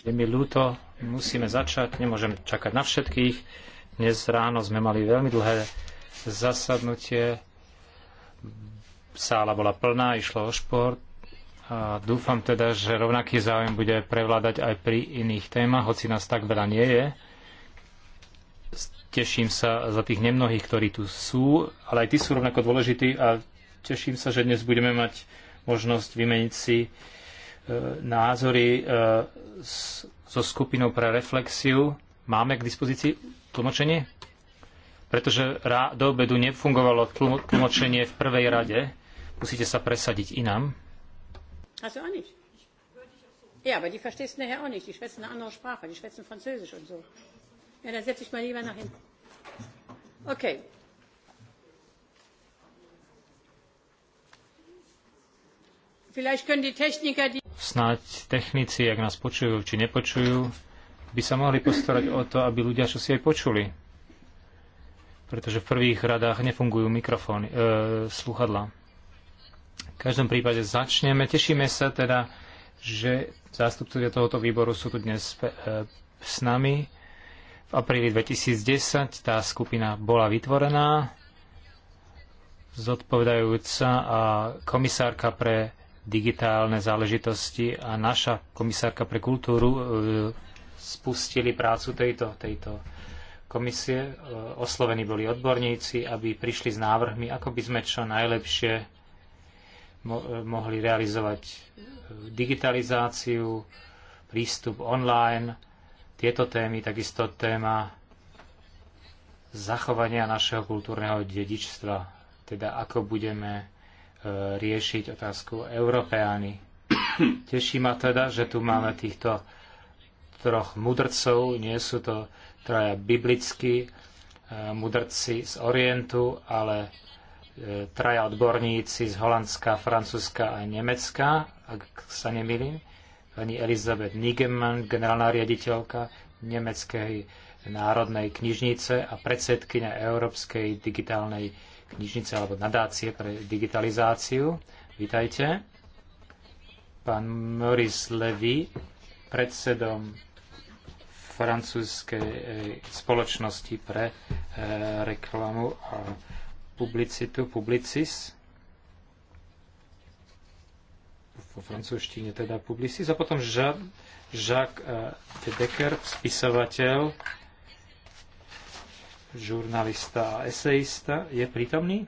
Je mi ľúto, musíme začať, nemôžem čakať na všetkých. Dnes ráno sme mali veľmi dlhé zasadnutie. Sála bola plná, išlo o šport. A dúfam teda, že rovnaký záujem bude prevládať aj pri iných témach, hoci nás tak veľa nie je. Teším sa za tých nemnohých, ktorí tu sú, ale aj tí sú rovnako dôležití a teším sa, že dnes budeme mať možnosť vymeniť si názory e, so skupinou pre reflexiu. Máme k dispozícii tlmočenie? Pretože do obedu nefungovalo tlmočenie v prvej rade. Musíte sa presadiť inám. Also auch Ja, aber die verstehst nachher auch nicht. Die schwätzen eine andere Sprache. Die schwätzen Französisch und so. Ja, dann setze ich mal lieber nach hinten. Okay. Vielleicht können die Techniker, die snáď technici, ak nás počujú či nepočujú, by sa mohli postarať o to, aby ľudia čo si aj počuli. Pretože v prvých radách nefungujú mikrofóny, e, sluchadla. V každom prípade začneme. Tešíme sa teda, že zástupcovia tohoto výboru sú tu dnes e, s nami. V apríli 2010 tá skupina bola vytvorená. Zodpovedajúca a komisárka pre digitálne záležitosti a naša komisárka pre kultúru e, spustili prácu tejto, tejto komisie. E, oslovení boli odborníci, aby prišli s návrhmi, ako by sme čo najlepšie mo e, mohli realizovať digitalizáciu, prístup online, tieto témy, takisto téma zachovania našeho kultúrneho dedičstva, teda ako budeme riešiť otázku Európeány. Teší ma teda, že tu máme týchto troch mudrcov, nie sú to traja biblickí e, mudrci z Orientu, ale e, traja odborníci z Holandska, Francúzska a Nemecka, ak sa nemýlim. Pani Elizabeth Nigemann, generálna riaditeľka Nemeckej národnej knižnice a predsedkynia Európskej digitálnej knižnice alebo nadácie pre digitalizáciu. Vítajte. Pán Maurice Levy, predsedom francúzskej eh, spoločnosti pre eh, reklamu a publicitu Publicis. Po francúzštine teda Publicis. A potom Jacques eh, Decker, spisovateľ, žurnalista a eseista, je prítomný?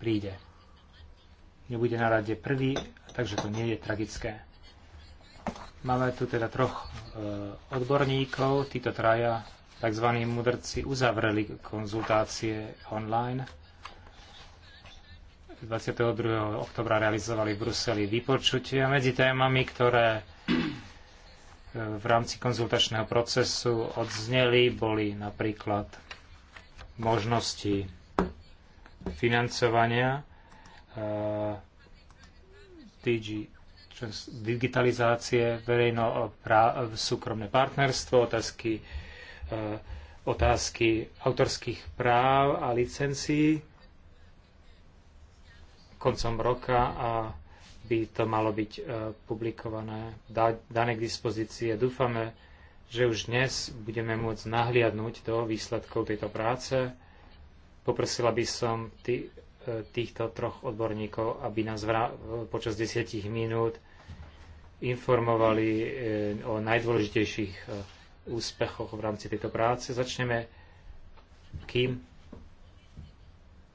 Príde. Nebude na rade prvý, takže to nie je tragické. Máme tu teda troch e, odborníkov, títo traja tzv. mudrci uzavreli konzultácie online. 22. oktobra realizovali v Bruseli a medzi témami, ktoré v rámci konzultačného procesu odzneli, boli napríklad možnosti financovania e, digitalizácie, verejno súkromné partnerstvo, otázky, e, otázky autorských práv a licencií koncom roka a by to malo byť e, publikované, dané k dispozícii. Dúfame, že už dnes budeme môcť nahliadnúť do výsledkov tejto práce. Poprosila by som tý, e, týchto troch odborníkov, aby nás e, počas desiatich minút informovali o najdôležitejších úspechoch v rámci tejto práce. Začneme kým?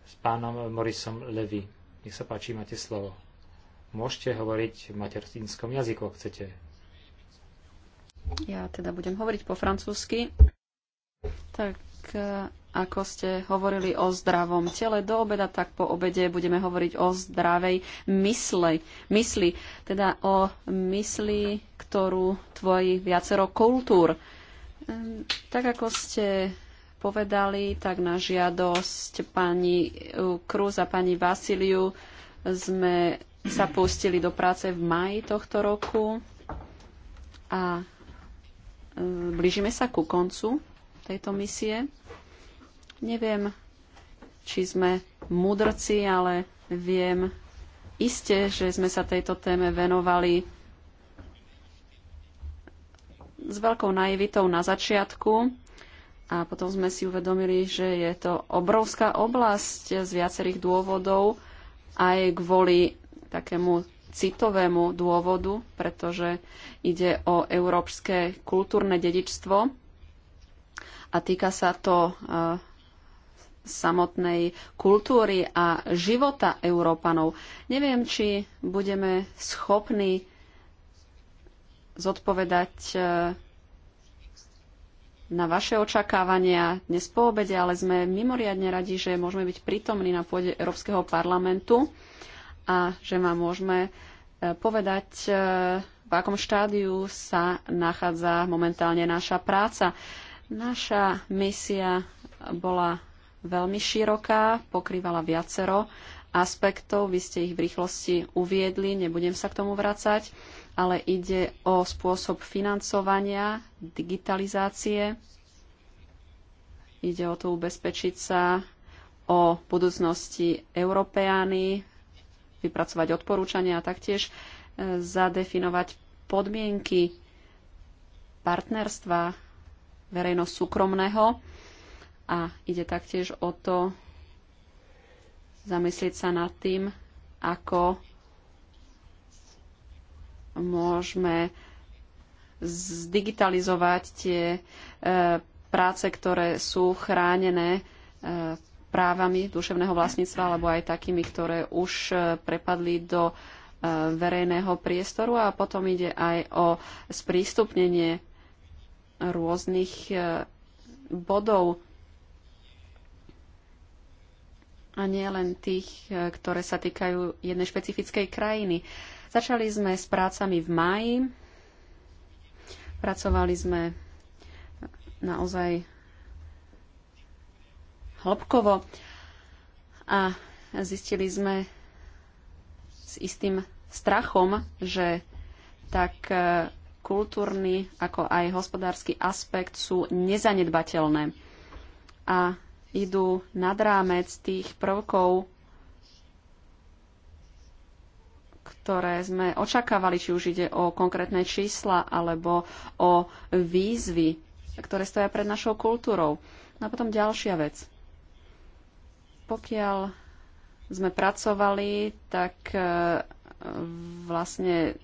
S pánom Morisom Levy. Nech sa páči, máte slovo. Môžete hovoriť v materinskom jazyku, ak chcete. Ja teda budem hovoriť po francúzsky. Tak e, ako ste hovorili o zdravom tele do obeda, tak po obede budeme hovoriť o zdravej mysle, mysli, teda o mysli, ktorú tvojí viacero kultúr. Tak ako ste povedali, tak na žiadosť pani Kruz a pani Vasiliu sme sa pustili do práce v maji tohto roku a e, blížime sa ku koncu tejto misie. Neviem, či sme mudrci, ale viem iste, že sme sa tejto téme venovali s veľkou naivitou na začiatku a potom sme si uvedomili, že je to obrovská oblasť z viacerých dôvodov aj kvôli takému citovému dôvodu, pretože ide o európske kultúrne dedičstvo a týka sa to e, samotnej kultúry a života Európanov. Neviem, či budeme schopní zodpovedať e, na vaše očakávania dnes po obede, ale sme mimoriadne radi, že môžeme byť prítomní na pôde Európskeho parlamentu a že vám môžeme e, povedať, e, v akom štádiu sa nachádza momentálne naša práca. Naša misia bola veľmi široká, pokrývala viacero aspektov. Vy ste ich v rýchlosti uviedli, nebudem sa k tomu vracať, ale ide o spôsob financovania, digitalizácie. Ide o to ubezpečiť sa o budúcnosti Európeány, vypracovať odporúčania a taktiež e, zadefinovať podmienky partnerstva verejno-súkromného a ide taktiež o to zamyslieť sa nad tým, ako môžeme zdigitalizovať tie e, práce, ktoré sú chránené e, právami duševného vlastníctva, alebo aj takými, ktoré už e, prepadli do e, verejného priestoru a potom ide aj o sprístupnenie rôznych e, bodov a nie len tých, ktoré sa týkajú jednej špecifickej krajiny. Začali sme s prácami v máji. Pracovali sme naozaj hĺbkovo a zistili sme s istým strachom, že tak e, kultúrny ako aj hospodársky aspekt sú nezanedbateľné a idú nad rámec tých prvkov, ktoré sme očakávali, či už ide o konkrétne čísla alebo o výzvy, ktoré stoja pred našou kultúrou. No a potom ďalšia vec. Pokiaľ sme pracovali, tak e, vlastne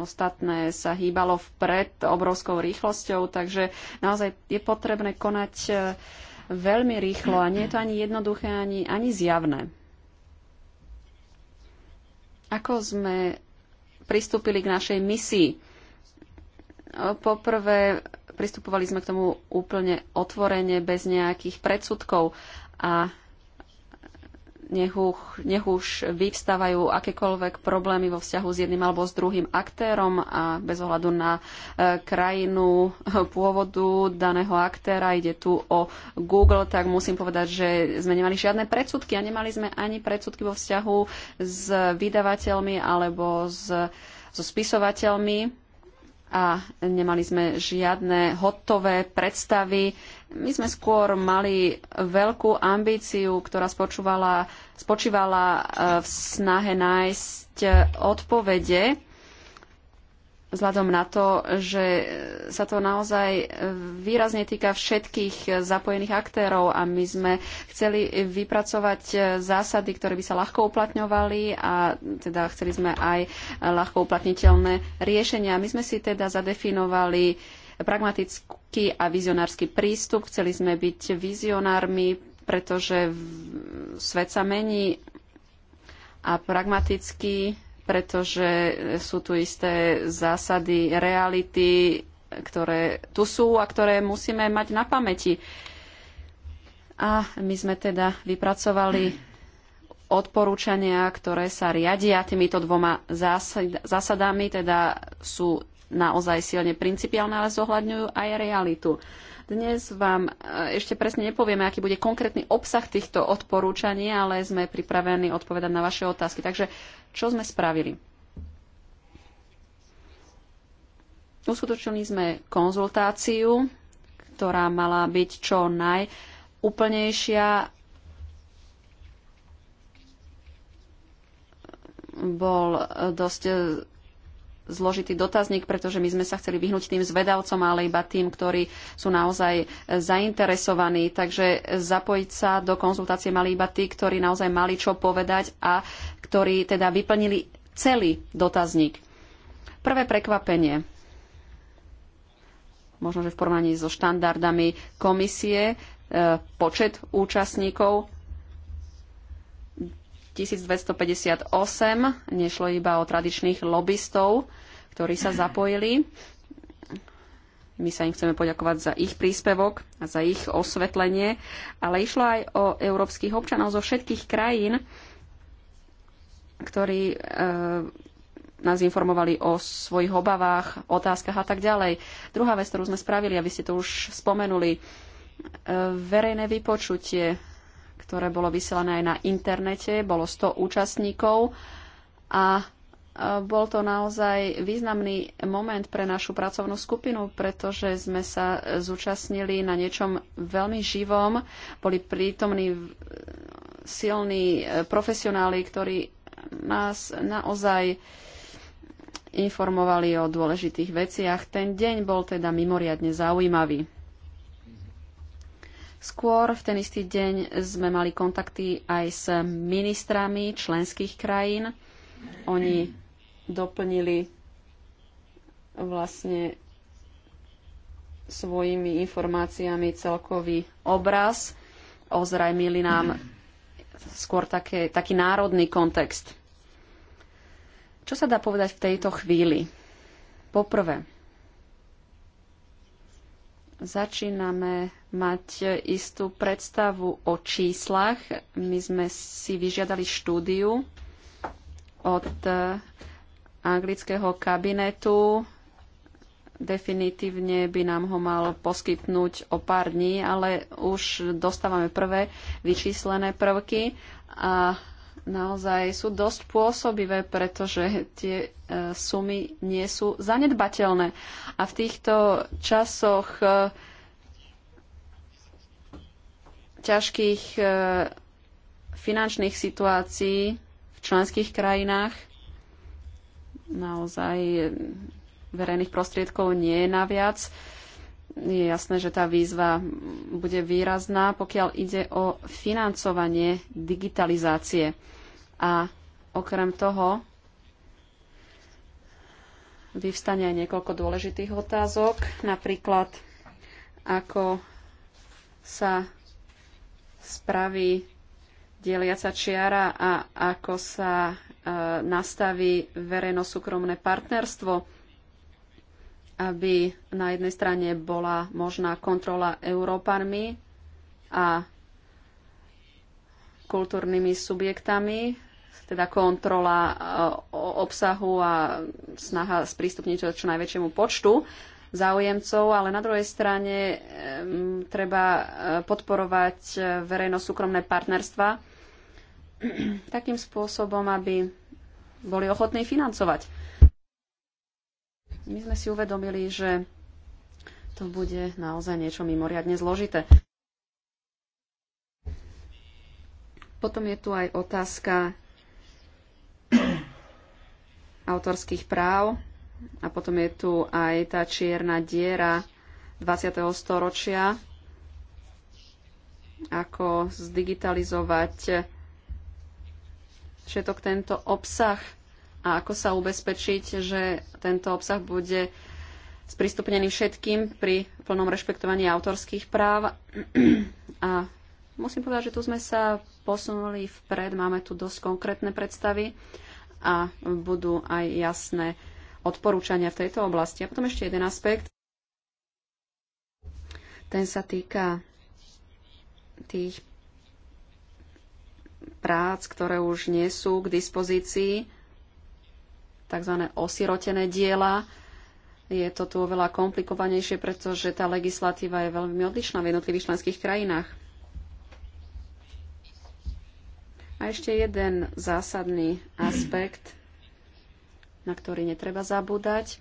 ostatné sa hýbalo vpred obrovskou rýchlosťou, takže naozaj je potrebné konať e, veľmi rýchlo a nie je to ani jednoduché, ani, ani zjavné. Ako sme pristúpili k našej misii? E, poprvé pristupovali sme k tomu úplne otvorene, bez nejakých predsudkov a nech, uch, nech už vyvstávajú akékoľvek problémy vo vzťahu s jedným alebo s druhým aktérom a bez ohľadu na e, krajinu e, pôvodu daného aktéra, ide tu o Google, tak musím povedať, že sme nemali žiadne predsudky a nemali sme ani predsudky vo vzťahu s vydavateľmi alebo s, so spisovateľmi a nemali sme žiadne hotové predstavy. My sme skôr mali veľkú ambíciu, ktorá spočívala e, v snahe nájsť e, odpovede vzhľadom na to, že sa to naozaj výrazne týka všetkých zapojených aktérov a my sme chceli vypracovať zásady, ktoré by sa ľahko uplatňovali a teda chceli sme aj ľahko uplatniteľné riešenia. My sme si teda zadefinovali pragmatický a vizionársky prístup. Chceli sme byť vizionármi, pretože svet sa mení a pragmatický pretože sú tu isté zásady reality, ktoré tu sú a ktoré musíme mať na pamäti. A my sme teda vypracovali odporúčania, ktoré sa riadia týmito dvoma zásadami, teda sú naozaj silne principiálne, ale zohľadňujú aj realitu. Dnes vám e, ešte presne nepovieme, aký bude konkrétny obsah týchto odporúčaní, ale sme pripravení odpovedať na vaše otázky. Takže čo sme spravili? Uskutočnili sme konzultáciu, ktorá mala byť čo najúplnejšia. Bol e, dosť e, zložitý dotazník, pretože my sme sa chceli vyhnúť tým zvedavcom, ale iba tým, ktorí sú naozaj zainteresovaní. Takže zapojiť sa do konzultácie mali iba tí, ktorí naozaj mali čo povedať a ktorí teda vyplnili celý dotazník. Prvé prekvapenie možno, že v porovnaní so štandardami komisie, e, počet účastníkov 1258 nešlo iba o tradičných lobbystov, ktorí sa zapojili. My sa im chceme poďakovať za ich príspevok a za ich osvetlenie, ale išlo aj o európskych občanov zo všetkých krajín, ktorí e, nás informovali o svojich obavách, otázkach a tak ďalej. Druhá vec, ktorú sme spravili, a vy ste to už spomenuli, e, verejné vypočutie ktoré bolo vysielané aj na internete. Bolo 100 účastníkov a e, bol to naozaj významný moment pre našu pracovnú skupinu, pretože sme sa zúčastnili na niečom veľmi živom. Boli prítomní silní e, profesionáli, ktorí nás naozaj informovali o dôležitých veciach. Ten deň bol teda mimoriadne zaujímavý. Skôr v ten istý deň sme mali kontakty aj s ministrami členských krajín. Oni doplnili vlastne svojimi informáciami celkový obraz. Ozrajmili nám skôr také, taký národný kontext. Čo sa dá povedať v tejto chvíli? Poprvé, začíname mať istú predstavu o číslach. My sme si vyžiadali štúdiu od e, anglického kabinetu. Definitívne by nám ho mal poskytnúť o pár dní, ale už dostávame prvé vyčíslené prvky a naozaj sú dosť pôsobivé, pretože tie e, sumy nie sú zanedbateľné. A v týchto časoch e, ťažkých e, finančných situácií v členských krajinách naozaj verejných prostriedkov nie je naviac. Je jasné, že tá výzva bude výrazná, pokiaľ ide o financovanie digitalizácie. A okrem toho vyvstane aj niekoľko dôležitých otázok, napríklad ako sa spraví dieliaca čiara a ako sa e, nastaví verejno-súkromné partnerstvo, aby na jednej strane bola možná kontrola Európanmi a kultúrnymi subjektami, teda kontrola e, obsahu a snaha sprístupniť to čo najväčšiemu počtu záujemcov, ale na druhej strane treba e, podporovať e, verejno-súkromné partnerstva takým spôsobom, aby boli ochotní financovať. My sme si uvedomili, že to bude naozaj niečo mimoriadne zložité. Potom je tu aj otázka autorských práv. A potom je tu aj tá čierna diera 20. storočia, ako zdigitalizovať všetok tento obsah a ako sa ubezpečiť, že tento obsah bude sprístupnený všetkým pri plnom rešpektovaní autorských práv. A musím povedať, že tu sme sa posunuli vpred, máme tu dosť konkrétne predstavy a budú aj jasné odporúčania v tejto oblasti. A potom ešte jeden aspekt. Ten sa týka tých prác, ktoré už nie sú k dispozícii, tzv. osirotené diela. Je to tu oveľa komplikovanejšie, pretože tá legislatíva je veľmi odlišná v jednotlivých členských krajinách. A ešte jeden zásadný aspekt na ktorý netreba zabúdať.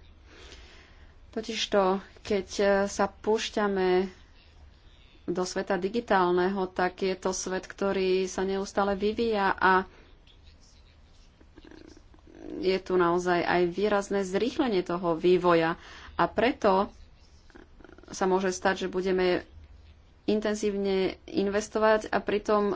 Totižto, keď e, sa púšťame do sveta digitálneho, tak je to svet, ktorý sa neustále vyvíja a je tu naozaj aj výrazné zrýchlenie toho vývoja. A preto sa môže stať, že budeme intenzívne investovať a pritom e,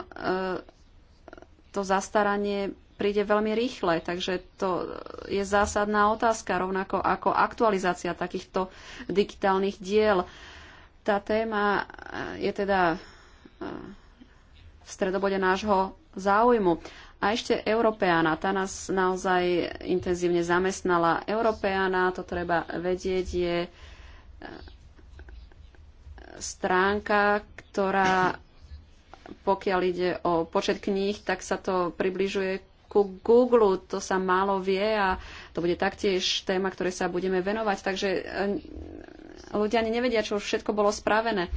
to zastaranie príde veľmi rýchle. Takže to je zásadná otázka, rovnako ako aktualizácia takýchto digitálnych diel. Tá téma eh, je teda eh, v stredobode nášho záujmu. A ešte Európeána, tá nás naozaj intenzívne zamestnala. Európeána, to treba vedieť, je eh, stránka, ktorá pokiaľ ide o počet kníh, tak sa to približuje ku Google. To sa málo vie a to bude taktiež téma, ktorej sa budeme venovať. Takže eh, ľudia ani nevedia, čo už všetko bolo spravené.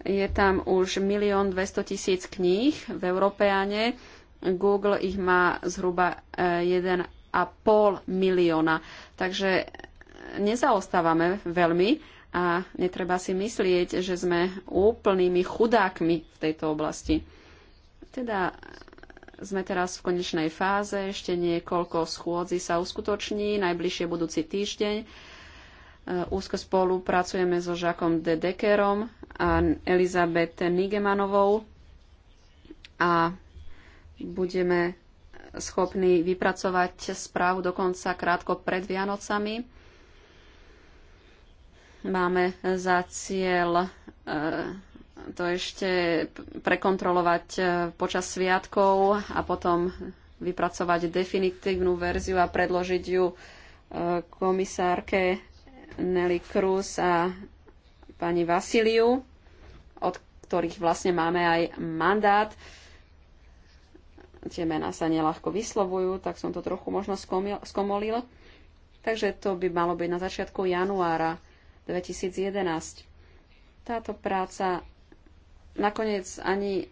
Je tam už milión 200 tisíc kníh v Európeáne. Google ich má zhruba 1,5 eh, milióna. Takže eh, nezaostávame veľmi a netreba si myslieť, že sme úplnými chudákmi v tejto oblasti. Teda sme teraz v konečnej fáze, ešte niekoľko schôdzi sa uskutoční, najbližšie budúci týždeň. E, úzko spolupracujeme so Žakom de Deckerom a Elizabeth Nigemanovou a budeme schopní vypracovať správu dokonca krátko pred Vianocami. Máme za cieľ e, to ešte prekontrolovať e, počas sviatkov a potom vypracovať definitívnu verziu a predložiť ju e, komisárke Nelly Cruz a pani Vasiliu, od ktorých vlastne máme aj mandát. Tie mená sa nelahko vyslovujú, tak som to trochu možno skomil, skomolil. Takže to by malo byť na začiatku januára 2011. Táto práca nakoniec ani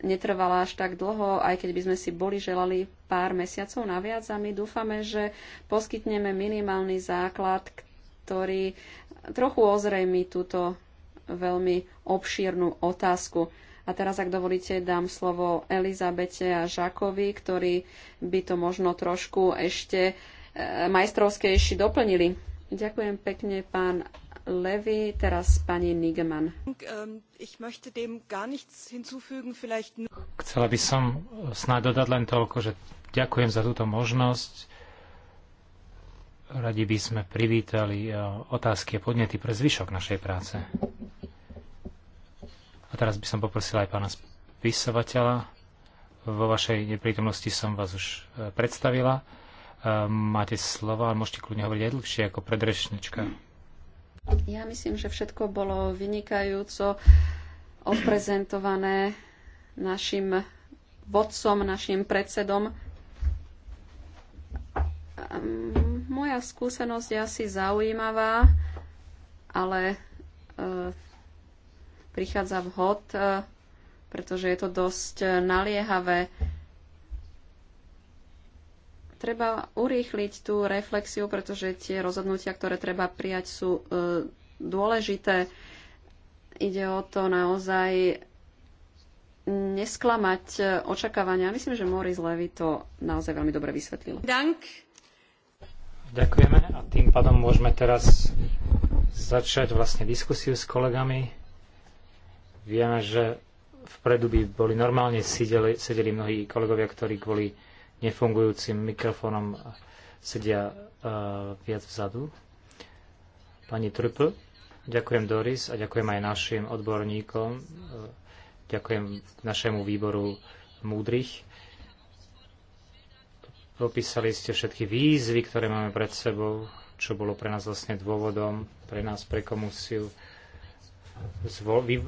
netrvala až tak dlho, aj keď by sme si boli želali pár mesiacov naviac a my dúfame, že poskytneme minimálny základ, ktorý trochu ozrejmi túto veľmi obšírnu otázku. A teraz, ak dovolíte, dám slovo Elizabete a Žakovi, ktorí by to možno trošku ešte eh, majstrovskejšie doplnili. Ďakujem pekne, pán Levy, teraz pani Nigeman. Ähm, Chcela by som snáď dodať len toľko, že ďakujem za túto možnosť. Radi by sme privítali e, otázky a podnety pre zvyšok našej práce. A teraz by som poprosila aj pána spisovateľa. Vo vašej neprítomnosti som vás už e, predstavila. E, máte slova, ale môžete kľudne hovoriť aj dlhšie ako predrečnička. Ja myslím, že všetko bolo vynikajúco odprezentované našim vodcom, našim predsedom. Moja skúsenosť je asi zaujímavá, ale e, prichádza vhod, e, pretože je to dosť naliehavé. Treba urýchliť tú reflexiu, pretože tie rozhodnutia, ktoré treba prijať, sú e, dôležité. Ide o to naozaj nesklamať e, očakávania. Myslím, že Moris Levy to naozaj veľmi dobre vysvetlil. Dank. Ďakujeme a tým pádom môžeme teraz začať vlastne diskusiu s kolegami. Vieme, že vpredu by boli normálne sedeli, sedeli mnohí kolegovia, ktorí kvôli nefungujúcim mikrofónom sedia e, viac vzadu. Pani Trupl, ďakujem Doris a ďakujem aj našim odborníkom. E, ďakujem našemu výboru múdrych. Popísali ste všetky výzvy, ktoré máme pred sebou, čo bolo pre nás vlastne dôvodom, pre nás, pre komisiu, vy, e,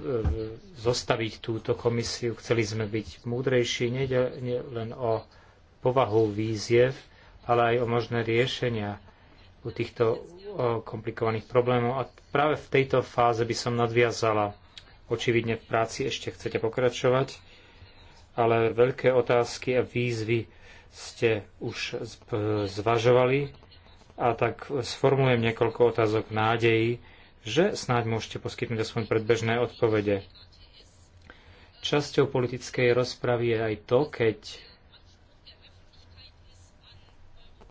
zostaviť túto komisiu. Chceli sme byť múdrejší, nie, nie len o povahu výziev, ale aj o možné riešenia u týchto komplikovaných problémov. A práve v tejto fáze by som nadviazala. Očividne v práci ešte chcete pokračovať, ale veľké otázky a výzvy ste už zvažovali a tak sformulujem niekoľko otázok nádejí, že snáď môžete poskytnúť aspoň predbežné odpovede. Časťou politickej rozpravy je aj to, keď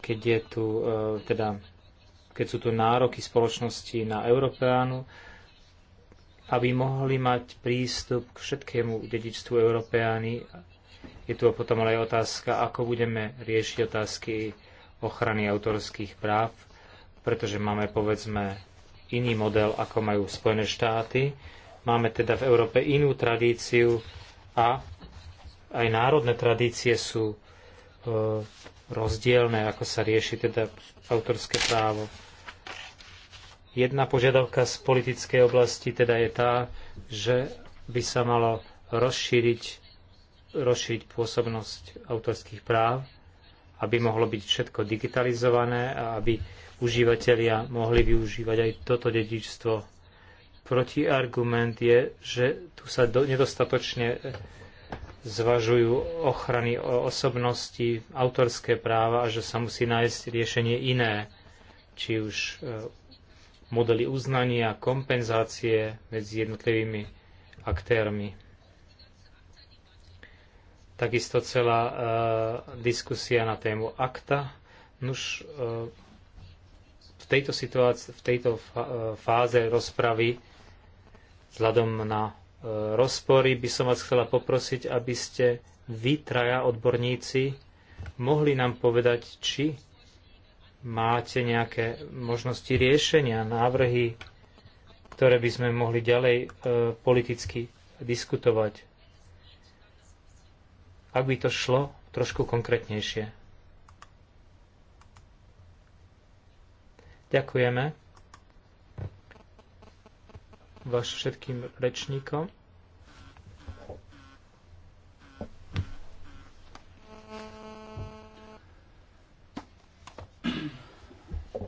keď, je tu, e, teda, keď sú tu nároky spoločnosti na Európeánu, aby mohli mať prístup k všetkému dedičstvu Európeány. Je tu potom ale aj otázka, ako budeme riešiť otázky ochrany autorských práv, pretože máme, povedzme, iný model, ako majú Spojené štáty. Máme teda v Európe inú tradíciu a aj národné tradície sú e, rozdielne, ako sa rieši teda autorské právo. Jedna požiadavka z politickej oblasti teda je tá, že by sa malo rozšíriť, rozšíriť pôsobnosť autorských práv, aby mohlo byť všetko digitalizované a aby užívateľia mohli využívať aj toto dedičstvo. Protiargument je, že tu sa do, nedostatočne zvažujú ochrany osobnosti, autorské práva a že sa musí nájsť riešenie iné, či už e, modely uznania, kompenzácie medzi jednotlivými aktérmi. Takisto celá uh, diskusia na tému akta. Nuž, uh, v tejto v tejto fáze rozpravy, vzhľadom na E, rozpory by som vás chcela poprosiť, aby ste vy, traja odborníci, mohli nám povedať, či máte nejaké možnosti riešenia, návrhy, ktoré by sme mohli ďalej e, politicky diskutovať. Ak by to šlo trošku konkrétnejšie. Ďakujeme vaš všetkým rečníkom.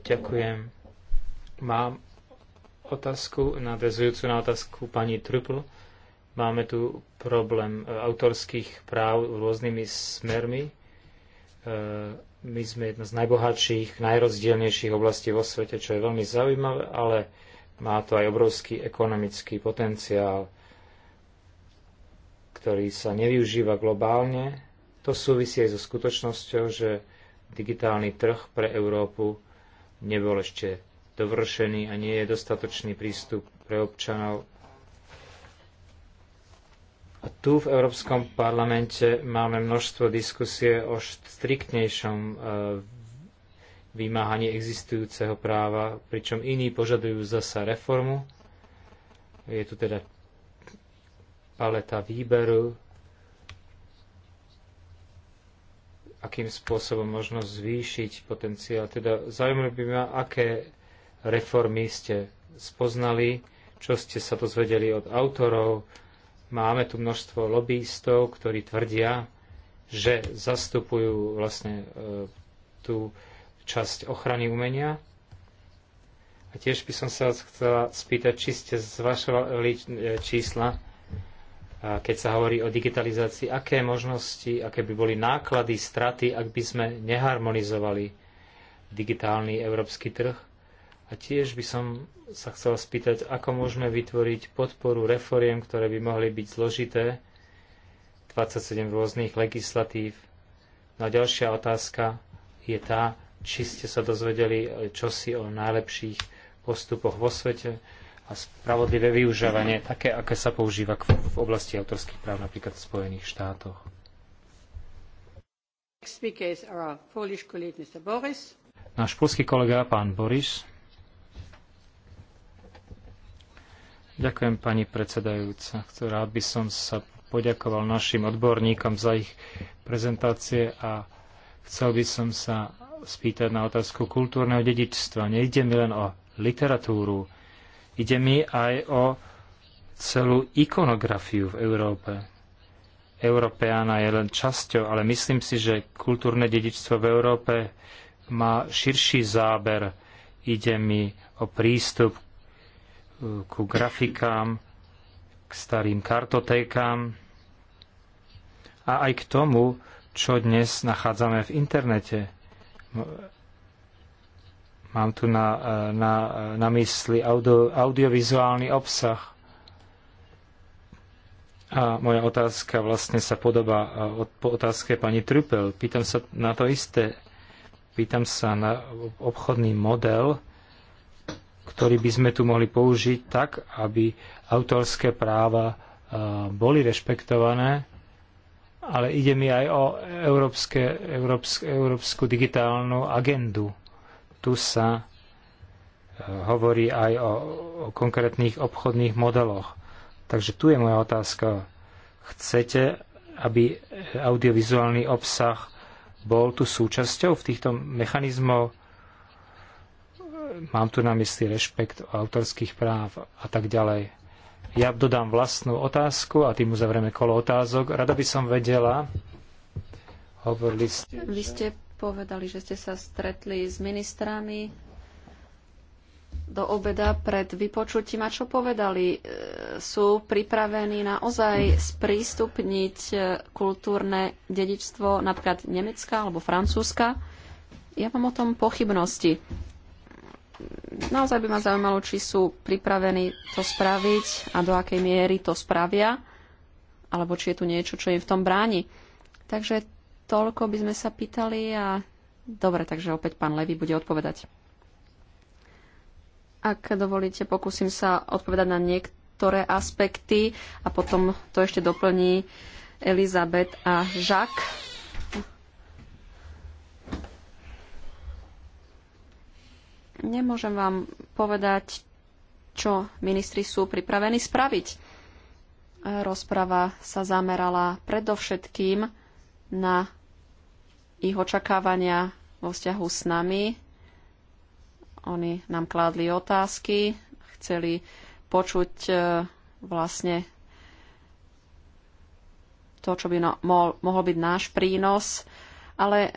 Ďakujem. Mám otázku, nadvezujúcu na otázku pani Trupl. Máme tu problém e, autorských práv rôznymi smermi. E, my sme jedna z najbohatších, najrozdielnejších oblastí vo svete, čo je veľmi zaujímavé, ale má to aj obrovský ekonomický potenciál, ktorý sa nevyužíva globálne. To súvisí aj so skutočnosťou, že digitálny trh pre Európu nebol ešte dovršený a nie je dostatočný prístup pre občanov. A tu v Európskom parlamente máme množstvo diskusie o striktnejšom eh, vymáhanie existujúceho práva, pričom iní požadujú zasa reformu. Je tu teda paleta výberu, akým spôsobom možno zvýšiť potenciál. Teda zaujímavé by ma, aké reformy ste spoznali, čo ste sa dozvedeli od autorov. Máme tu množstvo lobbyistov, ktorí tvrdia, že zastupujú vlastne e, tú časť ochrany umenia. A tiež by som sa chcela spýtať, či ste zvažovali e, čísla, e, keď sa hovorí o digitalizácii, aké možnosti, aké by boli náklady, straty, ak by sme neharmonizovali digitálny európsky trh. A tiež by som sa chcela spýtať, ako môžeme vytvoriť podporu reforiem, ktoré by mohli byť zložité, 27 rôznych legislatív. No a ďalšia otázka je tá, či ste sa dozvedeli čosi o najlepších postupoch vo svete a spravodlivé využívanie, také, aké sa používa v oblasti autorských práv napríklad v Spojených štátoch. Náš polský kolega, pán Boris. Ďakujem, pani predsedajúca. Rád by som sa poďakoval našim odborníkom za ich prezentácie a chcel by som sa spýtať na otázku kultúrneho dedičstva. Nejde mi len o literatúru, ide mi aj o celú ikonografiu v Európe. Európeána je len časťou, ale myslím si, že kultúrne dedičstvo v Európe má širší záber. Ide mi o prístup e, ku grafikám, k starým kartotékám a aj k tomu, čo dnes nachádzame v internete. Mám tu na, na, na mysli audio, audiovizuálny obsah. A moja otázka vlastne sa podobá od, po otázke pani Trupel. Pýtam sa na to isté. Pýtam sa na obchodný model, ktorý by sme tu mohli použiť tak, aby autorské práva boli rešpektované ale ide mi aj o európske, európske, európsku digitálnu agendu. Tu sa e, hovorí aj o, o konkrétnych obchodných modeloch. Takže tu je moja otázka. Chcete, aby audiovizuálny obsah bol tu súčasťou v týchto mechanizmoch? Mám tu na mysli rešpekt autorských práv a tak ďalej ja dodám vlastnú otázku a tým uzavrieme kolo otázok. Rada by som vedela, hovorili ste... Vy ste povedali, že ste sa stretli s ministrami do obeda pred vypočutím a čo povedali? E, sú pripravení naozaj sprístupniť e, kultúrne dedičstvo napríklad Nemecka alebo Francúzska? Ja mám o tom pochybnosti naozaj by ma zaujímalo, či sú pripravení to spraviť a do akej miery to spravia, alebo či je tu niečo, čo im v tom bráni. Takže toľko by sme sa pýtali a dobre, takže opäť pán Levy bude odpovedať. Ak dovolíte, pokúsim sa odpovedať na niektoré aspekty a potom to ešte doplní Elizabet a Jacques. Nemôžem vám povedať, čo ministri sú pripravení spraviť. Rozprava sa zamerala predovšetkým na ich očakávania vo vzťahu s nami. Oni nám kládli otázky, chceli počuť e, vlastne to, čo by no, mohol, mohol byť náš prínos ale e,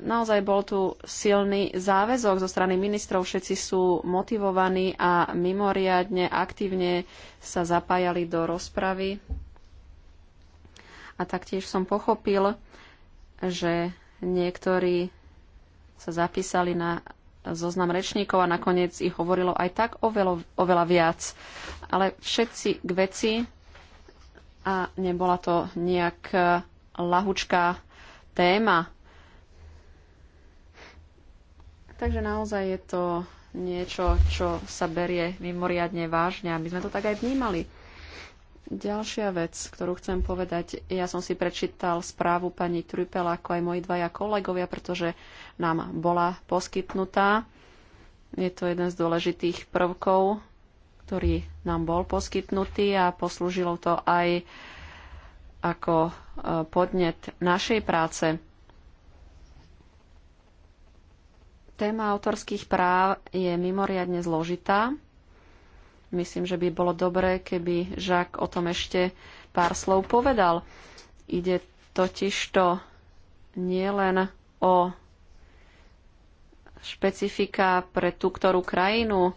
naozaj bol tu silný záväzok zo strany ministrov. Všetci sú motivovaní a mimoriadne aktívne sa zapájali do rozpravy. A taktiež som pochopil, že niektorí sa zapísali na zoznam rečníkov a nakoniec ich hovorilo aj tak oveľa, oveľa viac. Ale všetci k veci a nebola to nejak e, lahučká téma. Takže naozaj je to niečo, čo sa berie mimoriadne vážne a my sme to tak aj vnímali. Ďalšia vec, ktorú chcem povedať, ja som si prečítal správu pani Trupel ako aj moji dvaja kolegovia, pretože nám bola poskytnutá. Je to jeden z dôležitých prvkov, ktorý nám bol poskytnutý a poslúžilo to aj ako e, podnet našej práce. Téma autorských práv je mimoriadne zložitá. Myslím, že by bolo dobré, keby Žak o tom ešte pár slov povedal. Ide totižto nielen o špecifika pre tú ktorú krajinu,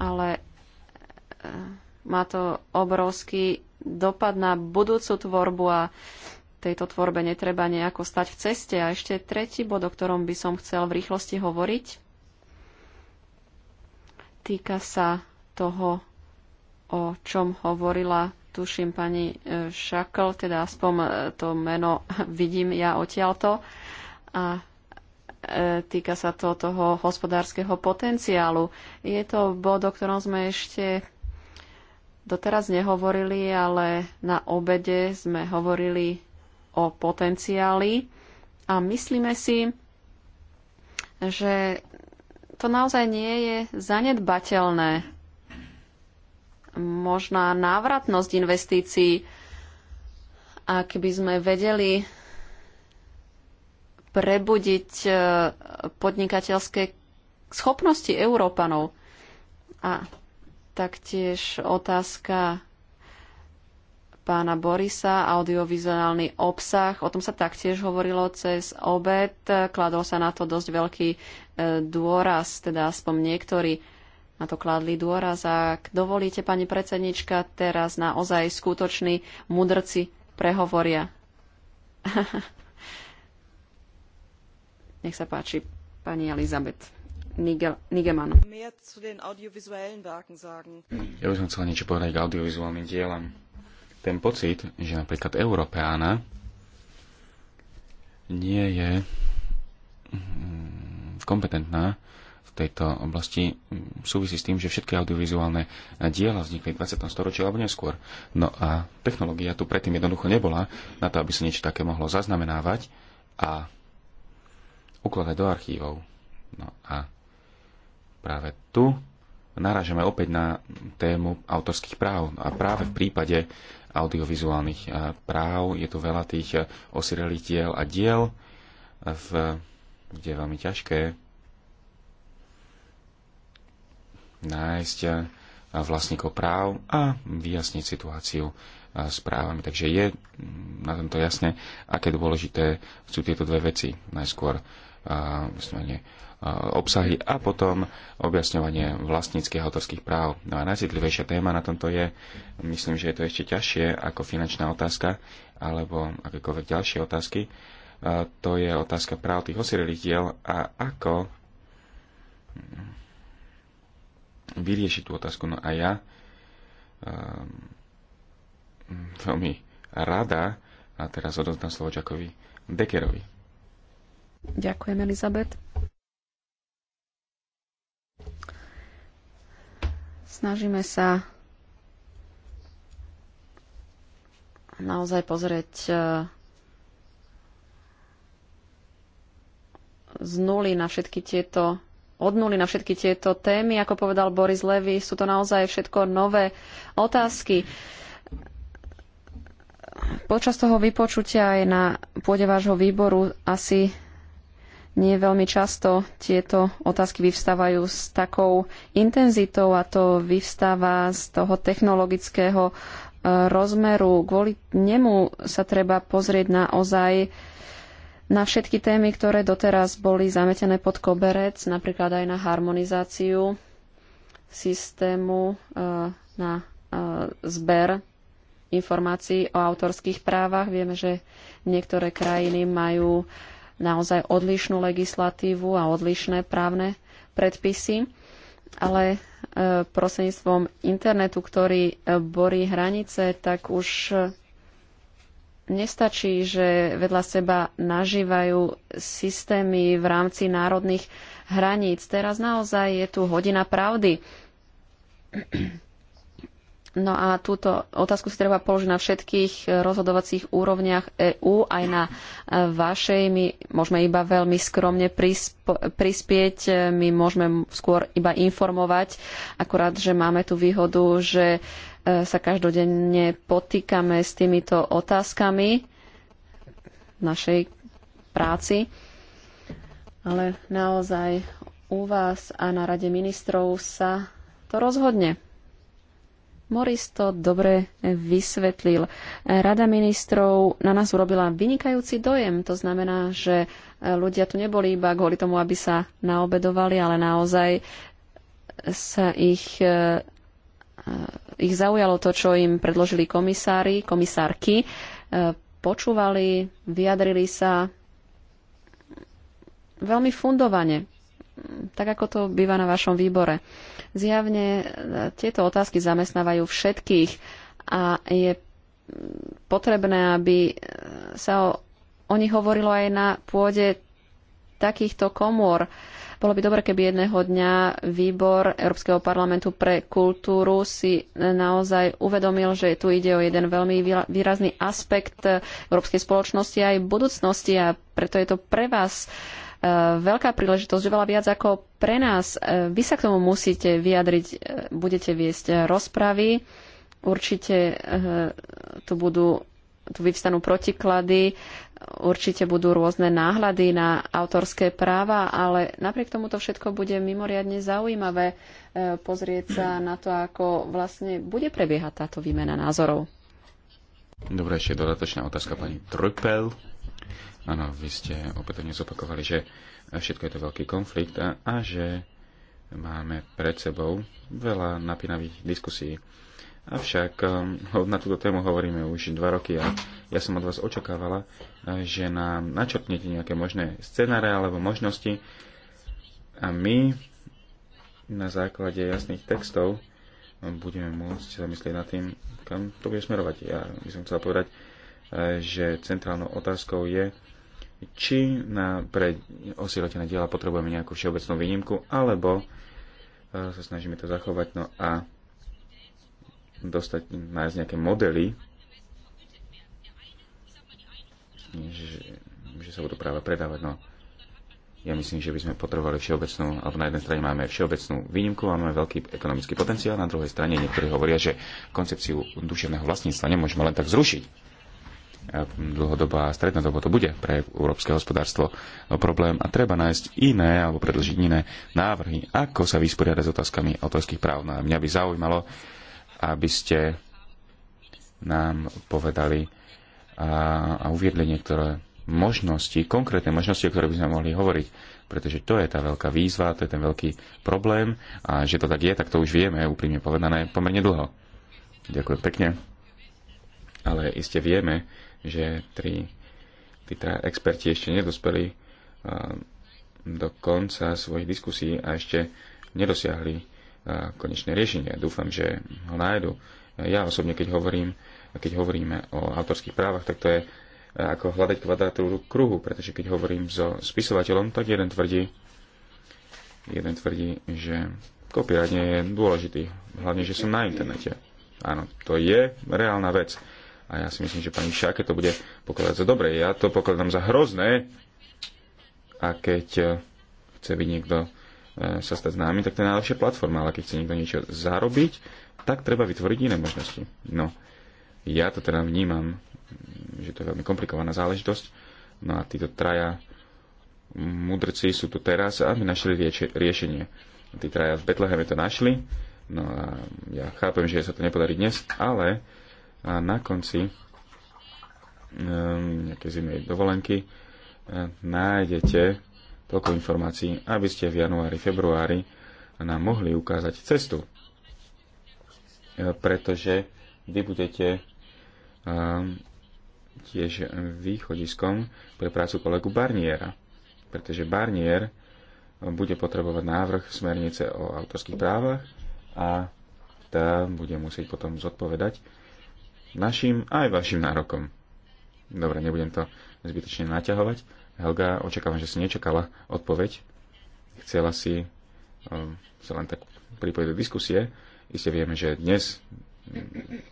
ale e, má to obrovský dopad na budúcu tvorbu a tejto tvorbe netreba nejako stať v ceste. A ešte tretí bod, o ktorom by som chcel v rýchlosti hovoriť, týka sa toho, o čom hovorila, tuším, pani e, Šakl, teda aspoň e, to meno vidím ja odtiaľto. A e, týka sa to toho hospodárskeho potenciálu. Je to bod, o ktorom sme ešte doteraz nehovorili, ale na obede sme hovorili o potenciáli a myslíme si, že to naozaj nie je zanedbateľné. Možná návratnosť investícií, ak by sme vedeli prebudiť e, podnikateľské schopnosti Európanov. A taktiež otázka pána Borisa, audiovizuálny obsah. O tom sa taktiež hovorilo cez obed. Kladol sa na to dosť veľký e, dôraz, teda aspoň niektorí na to kladli dôraz. Ak dovolíte, pani predsednička, teraz naozaj skutoční mudrci prehovoria. Nech sa páči, pani Elizabeth. Nigel, Nigeman. Ja by som chcela niečo povedať k audiovizuálnym dielam ten pocit, že napríklad Európeána nie je mm, kompetentná v tejto oblasti mm, súvisí s tým, že všetky audiovizuálne diela vznikli v 20. storočí alebo neskôr. No a technológia tu predtým jednoducho nebola na to, aby sa niečo také mohlo zaznamenávať a ukladať do archívov. No a práve tu narážame opäť na tému autorských práv. No a práve v prípade audiovizuálnych eh, práv. Je tu veľa tých eh, osirelých diel a diel, eh, v, kde je veľmi ťažké nájsť vlastníkov práv a vyjasniť situáciu s právami. Takže je mm, na tomto jasne, aké dôležité sú tieto dve veci. Najskôr uh, obsahy a potom objasňovanie vlastníckých autorských práv. No a najcitlivejšia téma na tomto je, myslím, že je to ešte ťažšie ako finančná otázka alebo akékoľvek ďalšie otázky. To je otázka práv tých osirelých diel a ako vyriešiť tú otázku. No a ja ehm, veľmi rada a teraz odozdám slovo Čakovi Dekerovi. Ďakujem, Elizabeth. Snažíme sa naozaj pozrieť e, z nuly na všetky tieto od nuly na všetky tieto témy, ako povedal Boris Levy, sú to naozaj všetko nové otázky. Počas toho vypočutia aj na pôde vášho výboru asi nie veľmi často tieto otázky vyvstávajú s takou intenzitou a to vyvstáva z toho technologického e, rozmeru. Kvôli nemu sa treba pozrieť na naozaj na všetky témy, ktoré doteraz boli zametené pod koberec, napríklad aj na harmonizáciu systému e, na e, zber informácií o autorských právach. Vieme, že niektoré krajiny majú uh, naozaj odlišnú legislatívu a odlišné právne predpisy, ale e, prostredníctvom internetu, ktorý e, borí hranice, tak už e, nestačí, že vedľa seba nažívajú systémy v rámci národných hraníc. Teraz naozaj je tu hodina pravdy. No a túto otázku si treba položiť na všetkých eh, rozhodovacích úrovniach EÚ, aj na eh, vašej. My môžeme iba veľmi skromne prispieť, eh, my môžeme skôr iba informovať, akorát, že máme tú výhodu, že sa každodenne potýkame s týmito otázkami v našej práci. Ale naozaj u vás a na Rade ministrov sa to rozhodne. Moris to dobre vysvetlil. Rada ministrov na nás urobila vynikajúci dojem. To znamená, že ľudia tu neboli iba kvôli tomu, aby sa naobedovali, ale naozaj sa ich, e, e, ich zaujalo to, čo im predložili komisári, komisárky. E, počúvali, vyjadrili sa veľmi fundovane tak ako to býva na vašom výbore. Zjavne e, tieto otázky zamestnávajú všetkých a je potrebné, aby e, sa o, o nich hovorilo aj na pôde takýchto komôr. Bolo by dobre, keby jedného dňa výbor Európskeho parlamentu pre kultúru si naozaj uvedomil, že tu ide o jeden veľmi výrazný aspekt e, európskej spoločnosti aj budúcnosti a preto je to pre vás uh, veľká príležitosť, veľa viac ako pre nás. E, vy sa k tomu musíte vyjadriť, e, budete viesť rozpravy, určite e, tu budú tu vyvstanú protiklady, určite budú rôzne náhľady na autorské práva, ale napriek tomu to všetko bude mimoriadne zaujímavé pozrieť sa na to, ako vlastne bude prebiehať táto výmena názorov. Dobre, ešte dodatočná otázka pani Trpel. Áno, vy ste opätovne zopakovali, že všetko je to veľký konflikt a, a že máme pred sebou veľa napínavých diskusí. Avšak um, na túto tému hovoríme už dva roky a ja som od vás očakávala, uh, že nám načrtnete nejaké možné scenáre alebo možnosti a my na základe jasných textov budeme môcť sa myslieť nad tým, kam to bude smerovať. Ja by som chcel povedať, uh, že centrálnou otázkou je, či na, pre osirotené diela potrebujeme nejakú všeobecnú výnimku, alebo e, sa snažíme to zachovať, no a dostať, nájsť nejaké modely, že, že sa budú práve predávať. No, ja myslím, že by sme potrebovali všeobecnú, alebo na jednej strane máme všeobecnú výnimku, máme veľký ekonomický potenciál, na druhej strane niektorí hovoria, že koncepciu duševného vlastníctva nemôžeme len tak zrušiť dlhodobá a strednodobo to bude pre európske hospodárstvo problém a treba nájsť iné alebo predlžiť iné návrhy, ako sa vysporiadať s otázkami autorských práv. No a mňa by zaujímalo, aby ste nám povedali a, a uviedli niektoré možnosti, konkrétne možnosti, o ktoré by sme mohli hovoriť, pretože to je tá veľká výzva, to je ten veľký problém a že to tak je, tak to už vieme, úprimne povedané, pomerne dlho. Ďakujem pekne. Ale iste vieme, že tri, tí teda experti ešte nedospeli do konca svojich diskusí a ešte nedosiahli konečné riešenie. Dúfam, že ho nájdu. Ja osobne, keď, hovorím, keď hovoríme o autorských právach, tak to je ako hľadať kvadratúru kruhu, pretože keď hovorím so spisovateľom, tak jeden tvrdí, jeden tvrdí, že copyright nie je dôležitý, hlavne, že som na internete. Áno, to je reálna vec. A ja si myslím, že pani Šáke to bude pokladať za dobre. Ja to pokladám za hrozné. A keď e, chce byť niekto e, sa stať známy, tak to je najlepšia platforma, ale keď chce niekto niečo zarobiť, tak treba vytvoriť iné možnosti. No, ja to teda vnímam, že to je veľmi komplikovaná záležitosť. No a títo traja mudrci sú tu teraz a my našli riešenie. Tí traja v Betleheme to našli, no a ja chápem, že sa to nepodarí dnes, ale a na konci ehm, nejaké zimnej dovolenky eh, nájdete toľko informácií, aby ste v januári, februári nám mohli ukázať cestu. Eh, pretože vy budete ehm, tiež východiskom pre prácu kolegu Barniera. Pretože Barnier bude potrebovať návrh smernice o autorských právach a tá bude musieť potom zodpovedať našim aj vašim nárokom. Dobre, nebudem to zbytočne naťahovať. Helga, očakávam, že si nečakala odpoveď. Chcela si um, sa len tak pripojiť do diskusie. Iste vieme, že dnes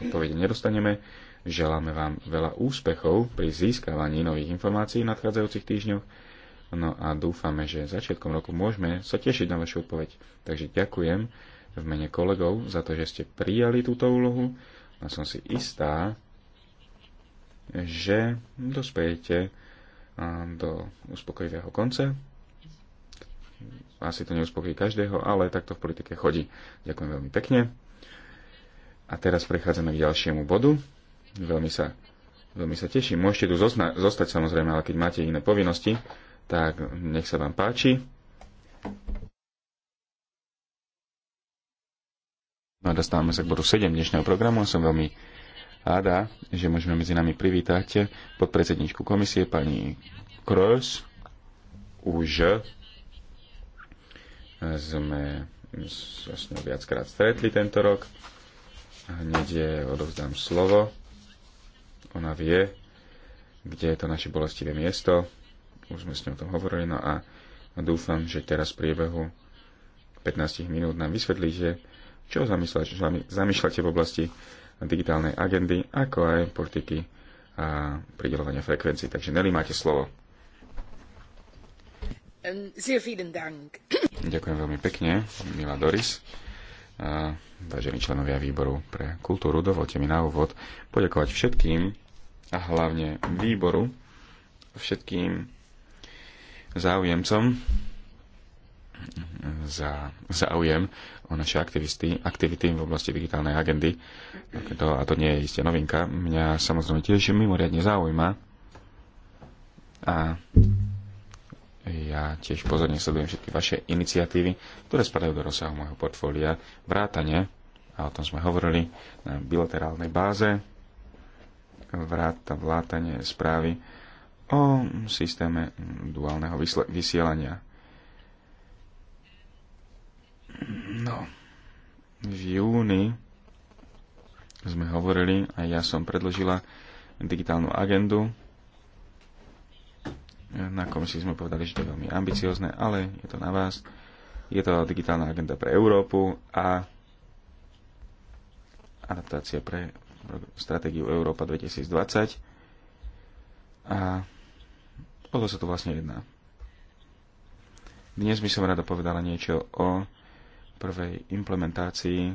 odpovede nedostaneme. Želáme vám veľa úspechov pri získavaní nových informácií v nadchádzajúcich týždňoch. No a dúfame, že začiatkom roku môžeme sa tešiť na vašu odpoveď. Takže ďakujem v mene kolegov za to, že ste prijali túto úlohu a som si istá, že dospejete do uspokojivého konca. Asi to neuspokojí každého, ale takto v politike chodí. Ďakujem veľmi pekne. A teraz prechádzame k ďalšiemu bodu. Veľmi sa, veľmi sa teším. Môžete tu zostať samozrejme, ale keď máte iné povinnosti, tak nech sa vám páči. No a dostávame sa k bodu 7 dnešného programu a som veľmi ráda, že môžeme medzi nami privítať podpredsedničku komisie pani Kroos. Už sme sa s ňou viackrát stretli tento rok. a Hneď je odovzdám slovo. Ona vie, kde je to naše bolestivé miesto. Už sme s ňou o tom hovorili. No a dúfam, že teraz v priebehu 15 minút nám vysvetlí, že čo zamýšľate v oblasti digitálnej agendy, ako aj politiky a pridelovania frekvencií. Takže Nelly, máte slovo. Ďakujem veľmi pekne, milá Doris. Vážení členovia výboru pre kultúru, dovolte mi na úvod poďakovať všetkým a hlavne výboru, všetkým záujemcom za záujem o naše aktivity, aktivity v oblasti digitálnej agendy. To, a to nie je isté novinka. Mňa samozrejme tiež mimoriadne zaujíma. A ja tiež pozorne sledujem všetky vaše iniciatívy, ktoré spadajú do rozsahu môjho portfólia. Vrátane, a o tom sme hovorili, na bilaterálnej báze, vráta vlátanie správy o systéme duálneho vysielania No, v júni sme hovorili a ja som predložila digitálnu agendu. Na komisii sme povedali, že to je veľmi ambiciozne, ale je to na vás. Je to digitálna agenda pre Európu a adaptácia pre stratégiu Európa 2020. A o to sa tu vlastne jedná. Dnes by som rada povedala niečo o prvej implementácii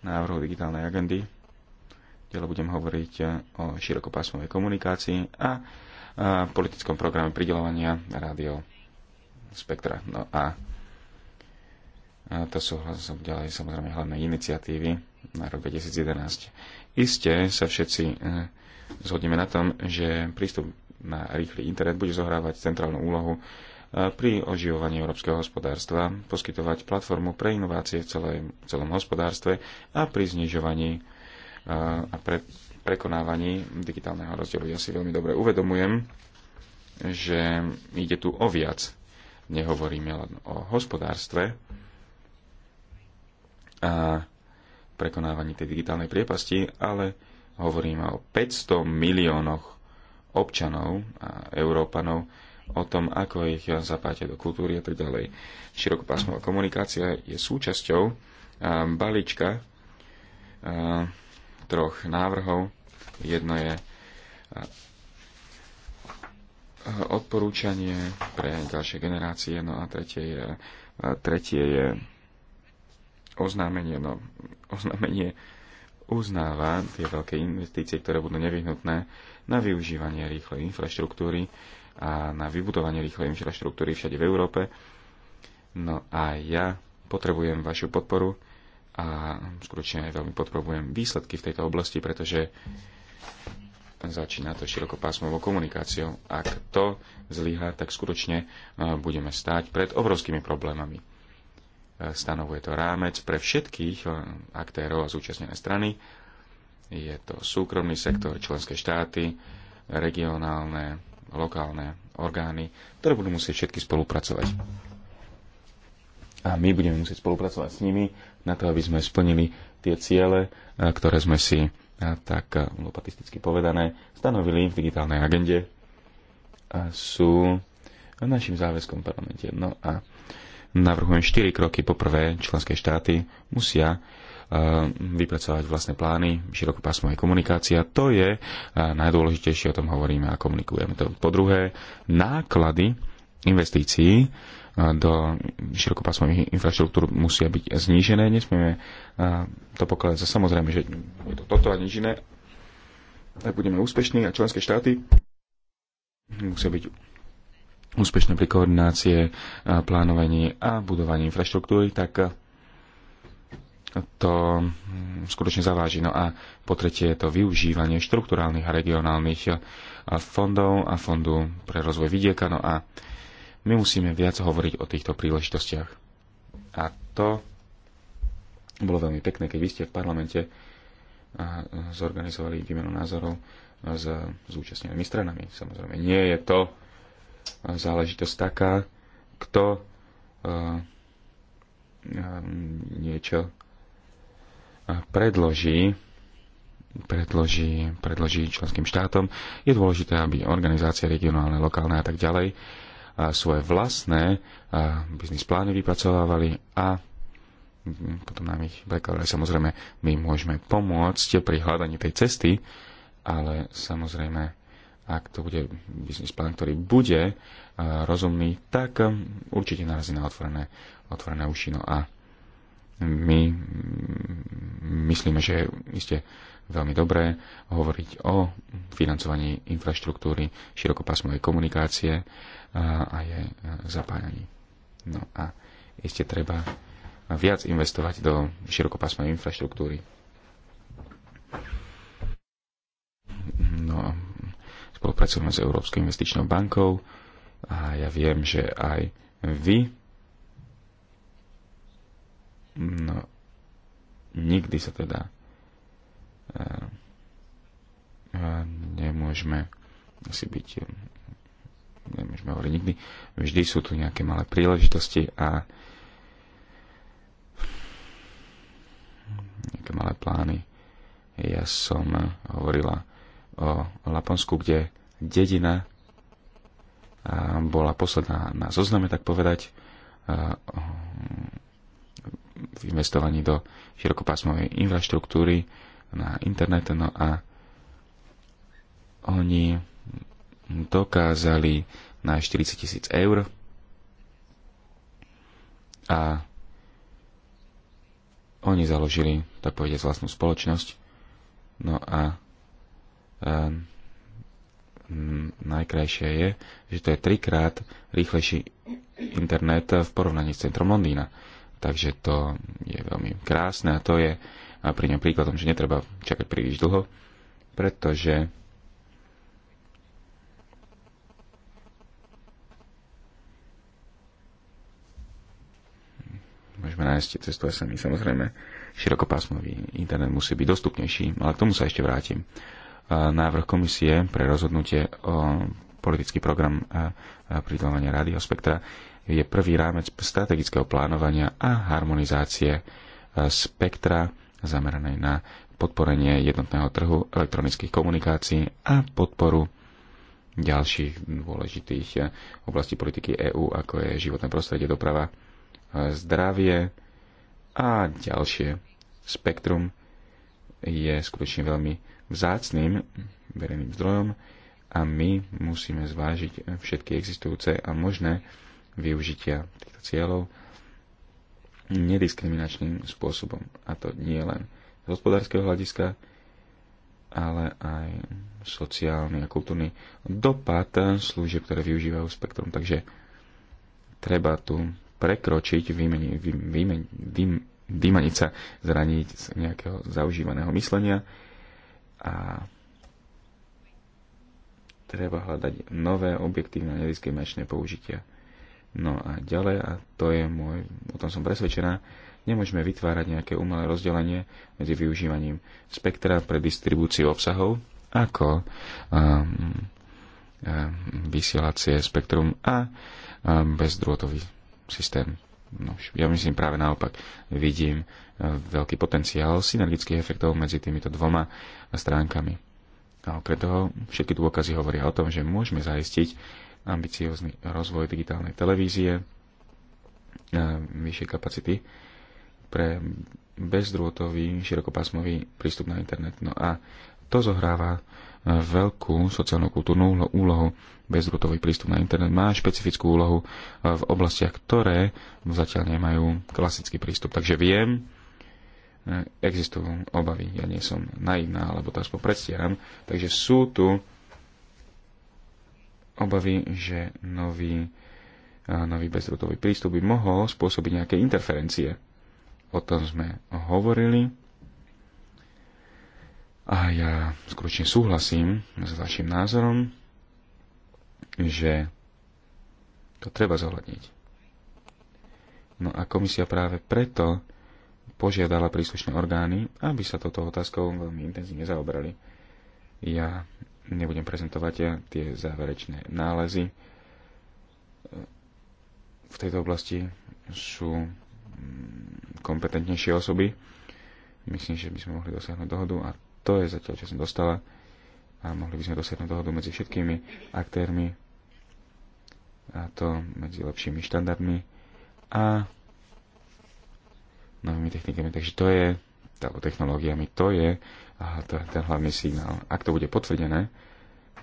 návrhu digitálnej agendy, kde budem hovoriť o širokopásmovej komunikácii a, a politickom programe pridelovania rádio spektra. No a, a to sú ďalej samozrejme hlavné iniciatívy na rok 2011. Isté sa všetci e, zhodneme na tom, že prístup na rýchly internet bude zohrávať centrálnu úlohu pri oživovaní európskeho hospodárstva, poskytovať platformu pre inovácie v v celom hospodárstve a pri znižovaní a pre, prekonávaní digitálneho rozdielu. Ja si veľmi dobre uvedomujem, že ide tu o viac. Nehovoríme len o hospodárstve a prekonávaní tej digitálnej priepasti, ale hovoríme o 500 miliónoch občanov a Európanov, o tom, ako ich zapáte do kultúry a tak ďalej. Širokopásmová komunikácia je súčasťou balíčka troch návrhov. Jedno je odporúčanie pre ďalšie generácie, no a tretie je, tretie je oznámenie, no, oznámenie uznáva tie veľké investície, ktoré budú nevyhnutné na využívanie rýchlej infraštruktúry a na vybudovanie rýchlej infraštruktúry všade v Európe. No a ja potrebujem vašu podporu a skutočne aj veľmi potrebujem výsledky v tejto oblasti, pretože začína to širokopásmovou komunikáciou. Ak to zlyha, tak skutočne e, budeme stáť pred obrovskými problémami. E, stanovuje to rámec pre všetkých e, aktérov a zúčastnené strany. Je to súkromný sektor, členské štáty, regionálne lokálne orgány, ktoré budú musieť všetky spolupracovať. A my budeme musieť spolupracovať s nimi na to, aby sme splnili tie ciele, ktoré sme si tak lopatisticky povedané stanovili v digitálnej agende a sú našim záväzkom v parlamente. No a navrhujem 4 kroky. Poprvé, členské štáty musia Mm, vypracovať vlastné plány, pásmové komunikácia. To je najdôležitejšie, o tom hovoríme a komunikujeme to. Po druhé, náklady investícií do širokopásmových infraštruktúr musia byť znížené. Nesmieme to pokladať za samozrejme, že je to toto a nič iné. Tak budeme úspešní a členské štáty musia byť úspešné pri koordinácie, plánovaní a budovaní infraštruktúry, tak to mm, skutočne zaváži. No a po tretie je to využívanie štrukturálnych a regionálnych e, fondov a fondu pre rozvoj vidieka. No a my musíme viac hovoriť o týchto príležitostiach. A to bolo veľmi pekné, keď vy ste v parlamente e, zorganizovali výmenu názorov s zúčastnenými stranami. Samozrejme, nie je to záležitosť taká, kto e, niečo predloží, predloží, predloží členským štátom, je dôležité, aby organizácie regionálne, lokálne a tak ďalej a svoje vlastné biznis plány vypracovávali a potom nám ich prekladali. Samozrejme, my môžeme pomôcť pri hľadaní tej cesty, ale samozrejme, ak to bude biznis plán, ktorý bude rozumný, tak um, určite narazí na otvorené, otvorené uši. No a my myslíme, že je iste veľmi dobré hovoriť o financovaní infraštruktúry širokopásmovej komunikácie a je zapájaní. No a iste treba viac investovať do širokopásmovej infraštruktúry. No, spolupracujeme s Európskou investičnou bankou a ja viem, že aj vy No, nikdy sa teda eh, nemôžeme si byť nemôžeme hovoriť nikdy. Vždy sú tu nejaké malé príležitosti a nejaké malé plány. Ja som hovorila o Laponsku, kde dedina eh, bola posledná na zozname, tak povedať. Eh, v investovaní do širokopásmovej infraštruktúry na internet. No a oni dokázali na 40 tisíc eur a oni založili, tak povedať, vlastnú spoločnosť. No a um, najkrajšie je, že to je trikrát rýchlejší internet v porovnaní s centrom Londýna. Takže to je veľmi krásne a to je a pri ňom príkladom, že netreba čakať príliš dlho, pretože môžeme nájsť cestu SMI. Samozrejme, širokopásmový internet musí byť dostupnejší, ale k tomu sa ešte vrátim. Návrh komisie pre rozhodnutie o politický program pridávania spektra je prvý rámec strategického plánovania a harmonizácie e, spektra zameranej na podporenie jednotného trhu elektronických komunikácií a podporu ďalších dôležitých e, oblastí politiky EÚ, ako je životné prostredie, doprava, e, zdravie a ďalšie. Spektrum je skutočne veľmi vzácným verejným zdrojom a my musíme zvážiť všetky existujúce a možné využitia týchto cieľov nediskriminačným spôsobom. A to nie len z hospodárskeho hľadiska, ale aj sociálny a kultúrny dopad služieb, ktoré využívajú spektrum. Takže treba tu prekročiť, vymeni, vymeni, vym, vymaniť sa, zraniť z nejakého zaužívaného myslenia a treba hľadať nové objektívne nediskriminačné použitia No a ďalej, a to je môj, o tom som presvedčená, nemôžeme vytvárať nejaké umelé rozdelenie medzi využívaním spektra pre distribúciu obsahov, ako um, um vysielacie spektrum a um, bezdrôtový systém. No, ja myslím práve naopak. Vidím uh, veľký potenciál synergických efektov medzi týmito dvoma stránkami. A okrem toho všetky dôkazy hovoria o tom, že môžeme zaistiť ambiciózny rozvoj digitálnej televízie, vyššie kapacity pre bezdrôtový, širokopásmový prístup na internet. No a to zohráva e, veľkú sociálno-kultúrnu úlohu. Bezdrôtový prístup na internet má špecifickú úlohu e, v oblastiach, ktoré zatiaľ nemajú klasický prístup. Takže viem, e, existujú obavy. Ja nie som naivná, alebo to aspoň predstieram. Takže sú tu obavy, že nový, nový bezdrutový prístup by mohol spôsobiť nejaké interferencie. O tom sme hovorili. A ja skutočne súhlasím s vašim názorom, že to treba zohľadniť. No a komisia práve preto požiadala príslušné orgány, aby sa toto otázkou veľmi intenzívne zaoberali. Ja nebudem prezentovať ja tie záverečné nálezy. V tejto oblasti sú mm, kompetentnejšie osoby. Myslím, že by sme mohli dosiahnuť dohodu a to je zatiaľ, čo som dostala. A mohli by sme dosiahnuť dohodu medzi všetkými aktérmi a to medzi lepšími štandardmi a novými technikami. Takže to je, alebo technológiami, to je a to je ten hlavný signál. Ak to bude potvrdené,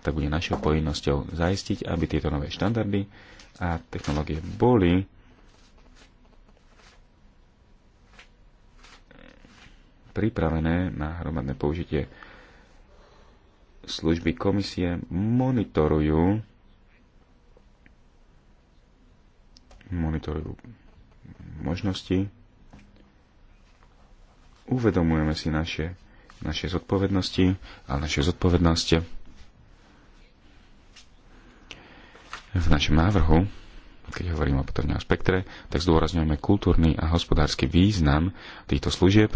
tak bude našou povinnosťou zaistiť, aby tieto nové štandardy a technológie boli pripravené na hromadné použitie. Služby komisie monitorujú monitorujú možnosti, uvedomujeme si naše našej zodpovednosti, a našej zodpovednosti v našom návrhu, keď hovoríme o potrebnom o spektre, tak zdôrazňujeme kultúrny a hospodársky význam týchto služieb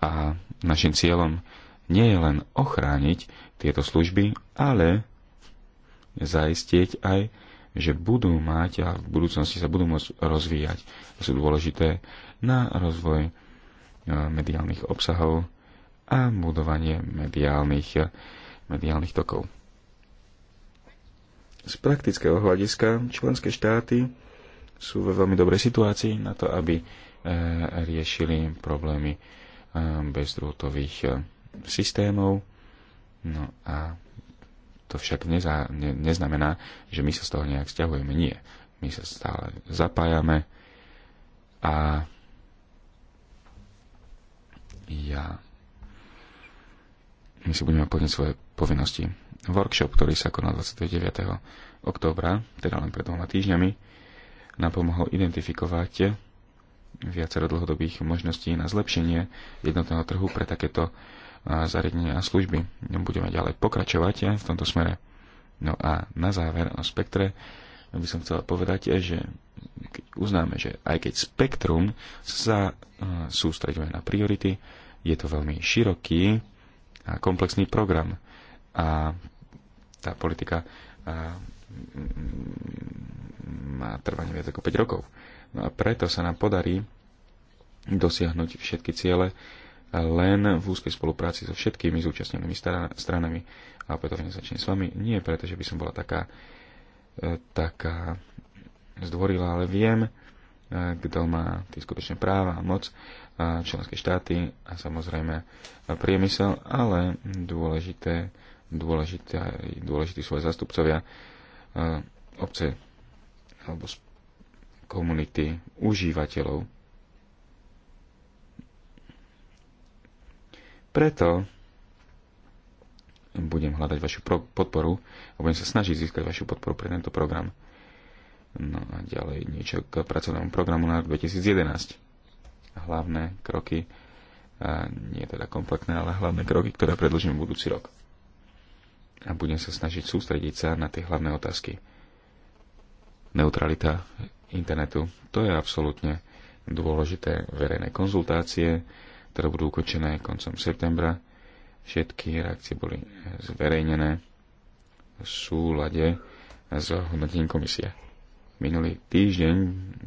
a našim cieľom nie je len ochrániť tieto služby, ale zaistiť aj, že budú mať a v budúcnosti sa budú môcť rozvíjať. Sú dôležité na rozvoj eh, mediálnych obsahov, a budovanie mediálnych, mediálnych tokov. Z praktického hľadiska členské štáty sú ve veľmi dobrej situácii na to, aby e, riešili problémy e, bezdrôtových e, systémov. No a to však neza, ne, neznamená, že my sa z toho nejak stiahujeme. Nie. My sa stále zapájame a ja my si budeme plniť svoje povinnosti. Workshop, ktorý sa konal 29. októbra, teda len pred dvoma týždňami, nám pomohol identifikovať viacero dlhodobých možností na zlepšenie jednotného trhu pre takéto zariadenia a služby. Budeme ďalej pokračovať v tomto smere. No a na záver o spektre by som chcela povedať, že keď uznáme, že aj keď spektrum sa sústreďuje na priority, je to veľmi široký komplexný program. A tá politika mm, má trvanie viac ako 5 rokov. No a preto sa nám podarí dosiahnuť všetky ciele len v úzkej spolupráci so všetkými zúčastnenými stranami. A opätovne začne s vami. Nie preto, že by som bola taká, e, taká zdvorila, ale viem, e, kto má tie skutočné práva a moc členské štáty a samozrejme priemysel, ale dôležité, dôležité, dôležití sú aj zastupcovia e, obce alebo komunity užívateľov. Preto budem hľadať vašu podporu a budem sa snažiť získať vašu podporu pre tento program. No a ďalej niečo k pracovnému programu na 2011 hlavné kroky, nie teda kompletné, ale hlavné kroky, ktoré predložím budúci rok. A budem sa snažiť sústrediť sa na tie hlavné otázky. Neutralita internetu, to je absolútne dôležité verejné konzultácie, ktoré budú ukončené koncom septembra. Všetky reakcie boli zverejnené v súlade s hodnotením komisie. Minulý týždeň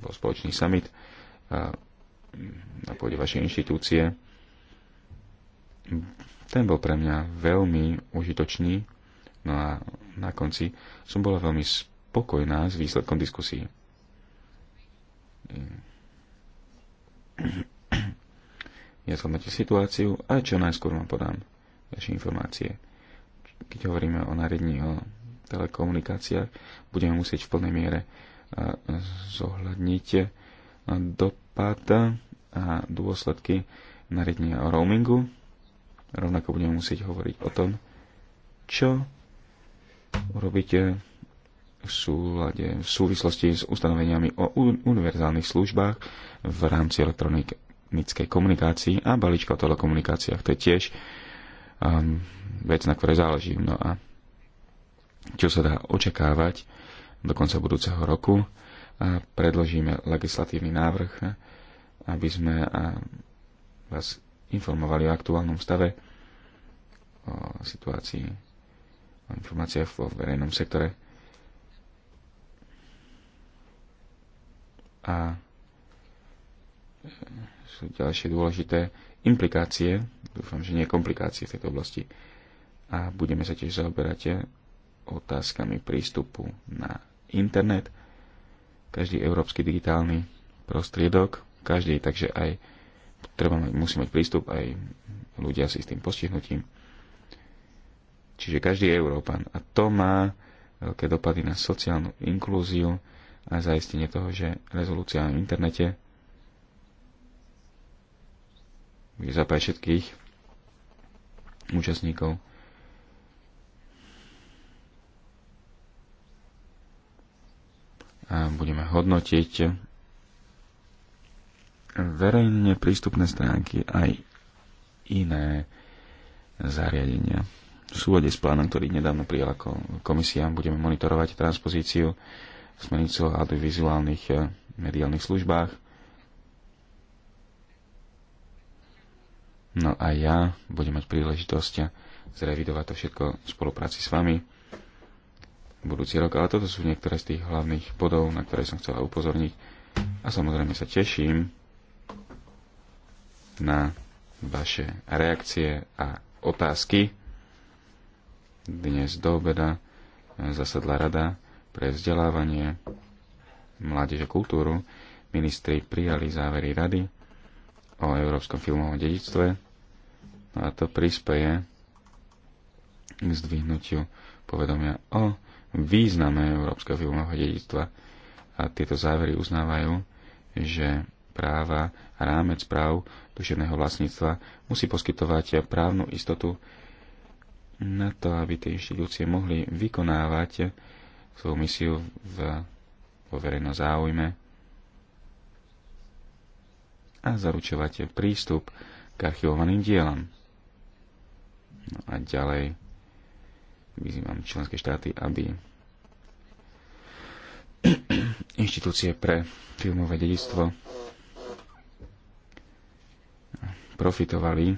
bol spoločný summit na pôde vašej inštitúcie. Ten bol pre mňa veľmi užitočný, no a na konci som bola veľmi spokojná s výsledkom diskusí. Ja zhodnotím situáciu a čo najskôr vám podám vaše informácie. Keď hovoríme o nariadení o telekomunikáciách, budeme musieť v plnej miere zohľadniť do dopad a dôsledky nariadenia o roamingu. Rovnako budeme musieť hovoriť o tom, čo urobíte v, súlade, v súvislosti s ustanoveniami o univerzálnych službách v rámci elektronickej komunikácii a balíčka o telekomunikáciách. To je tiež um, vec, na ktorej záleží. No a čo sa dá očakávať do konca budúceho roku predložíme legislatívny návrh, aby sme vás informovali o aktuálnom stave, o situácii, o informáciách vo verejnom sektore. A e, sú ďalšie dôležité implikácie, dúfam, že nie komplikácie v tejto oblasti. A budeme sa tiež zaoberať e, otázkami prístupu na internet, každý európsky digitálny prostriedok, každý, takže aj treba musí mať prístup aj ľudia si s tým postihnutím. Čiže každý je Európan. A to má veľké dopady na sociálnu inklúziu a zaistenie toho, že rezolúcia na internete bude zapájať všetkých účastníkov budeme hodnotiť verejne prístupné stránky aj iné zariadenia. V súvode s plánom, ktorý nedávno prijala komisia, budeme monitorovať transpozíciu smernice o audiovizuálnych eh, mediálnych službách. No a ja budem mať príležitosť zrevidovať to všetko v spolupráci s vami budúci rok. Ale toto sú niektoré z tých hlavných bodov, na ktoré som chcela upozorniť. A samozrejme sa teším na vaše reakcie a otázky. Dnes do obeda zasadla Rada pre vzdelávanie, mládež a kultúru. Ministri prijali závery Rady o európskom filmovom dedictve a to prispieje k zdvihnutiu povedomia o význame európskeho filmového dedictva. A tieto závery uznávajú, že práva a rámec práv duševného vlastníctva musí poskytovať právnu istotu na to, aby tie inštitúcie mohli vykonávať svoju misiu v, vo verejnom záujme a zaručovať prístup k archivovaným dielam. No a ďalej Vyzývam členské štáty, aby inštitúcie pre filmové dedictvo profitovali e,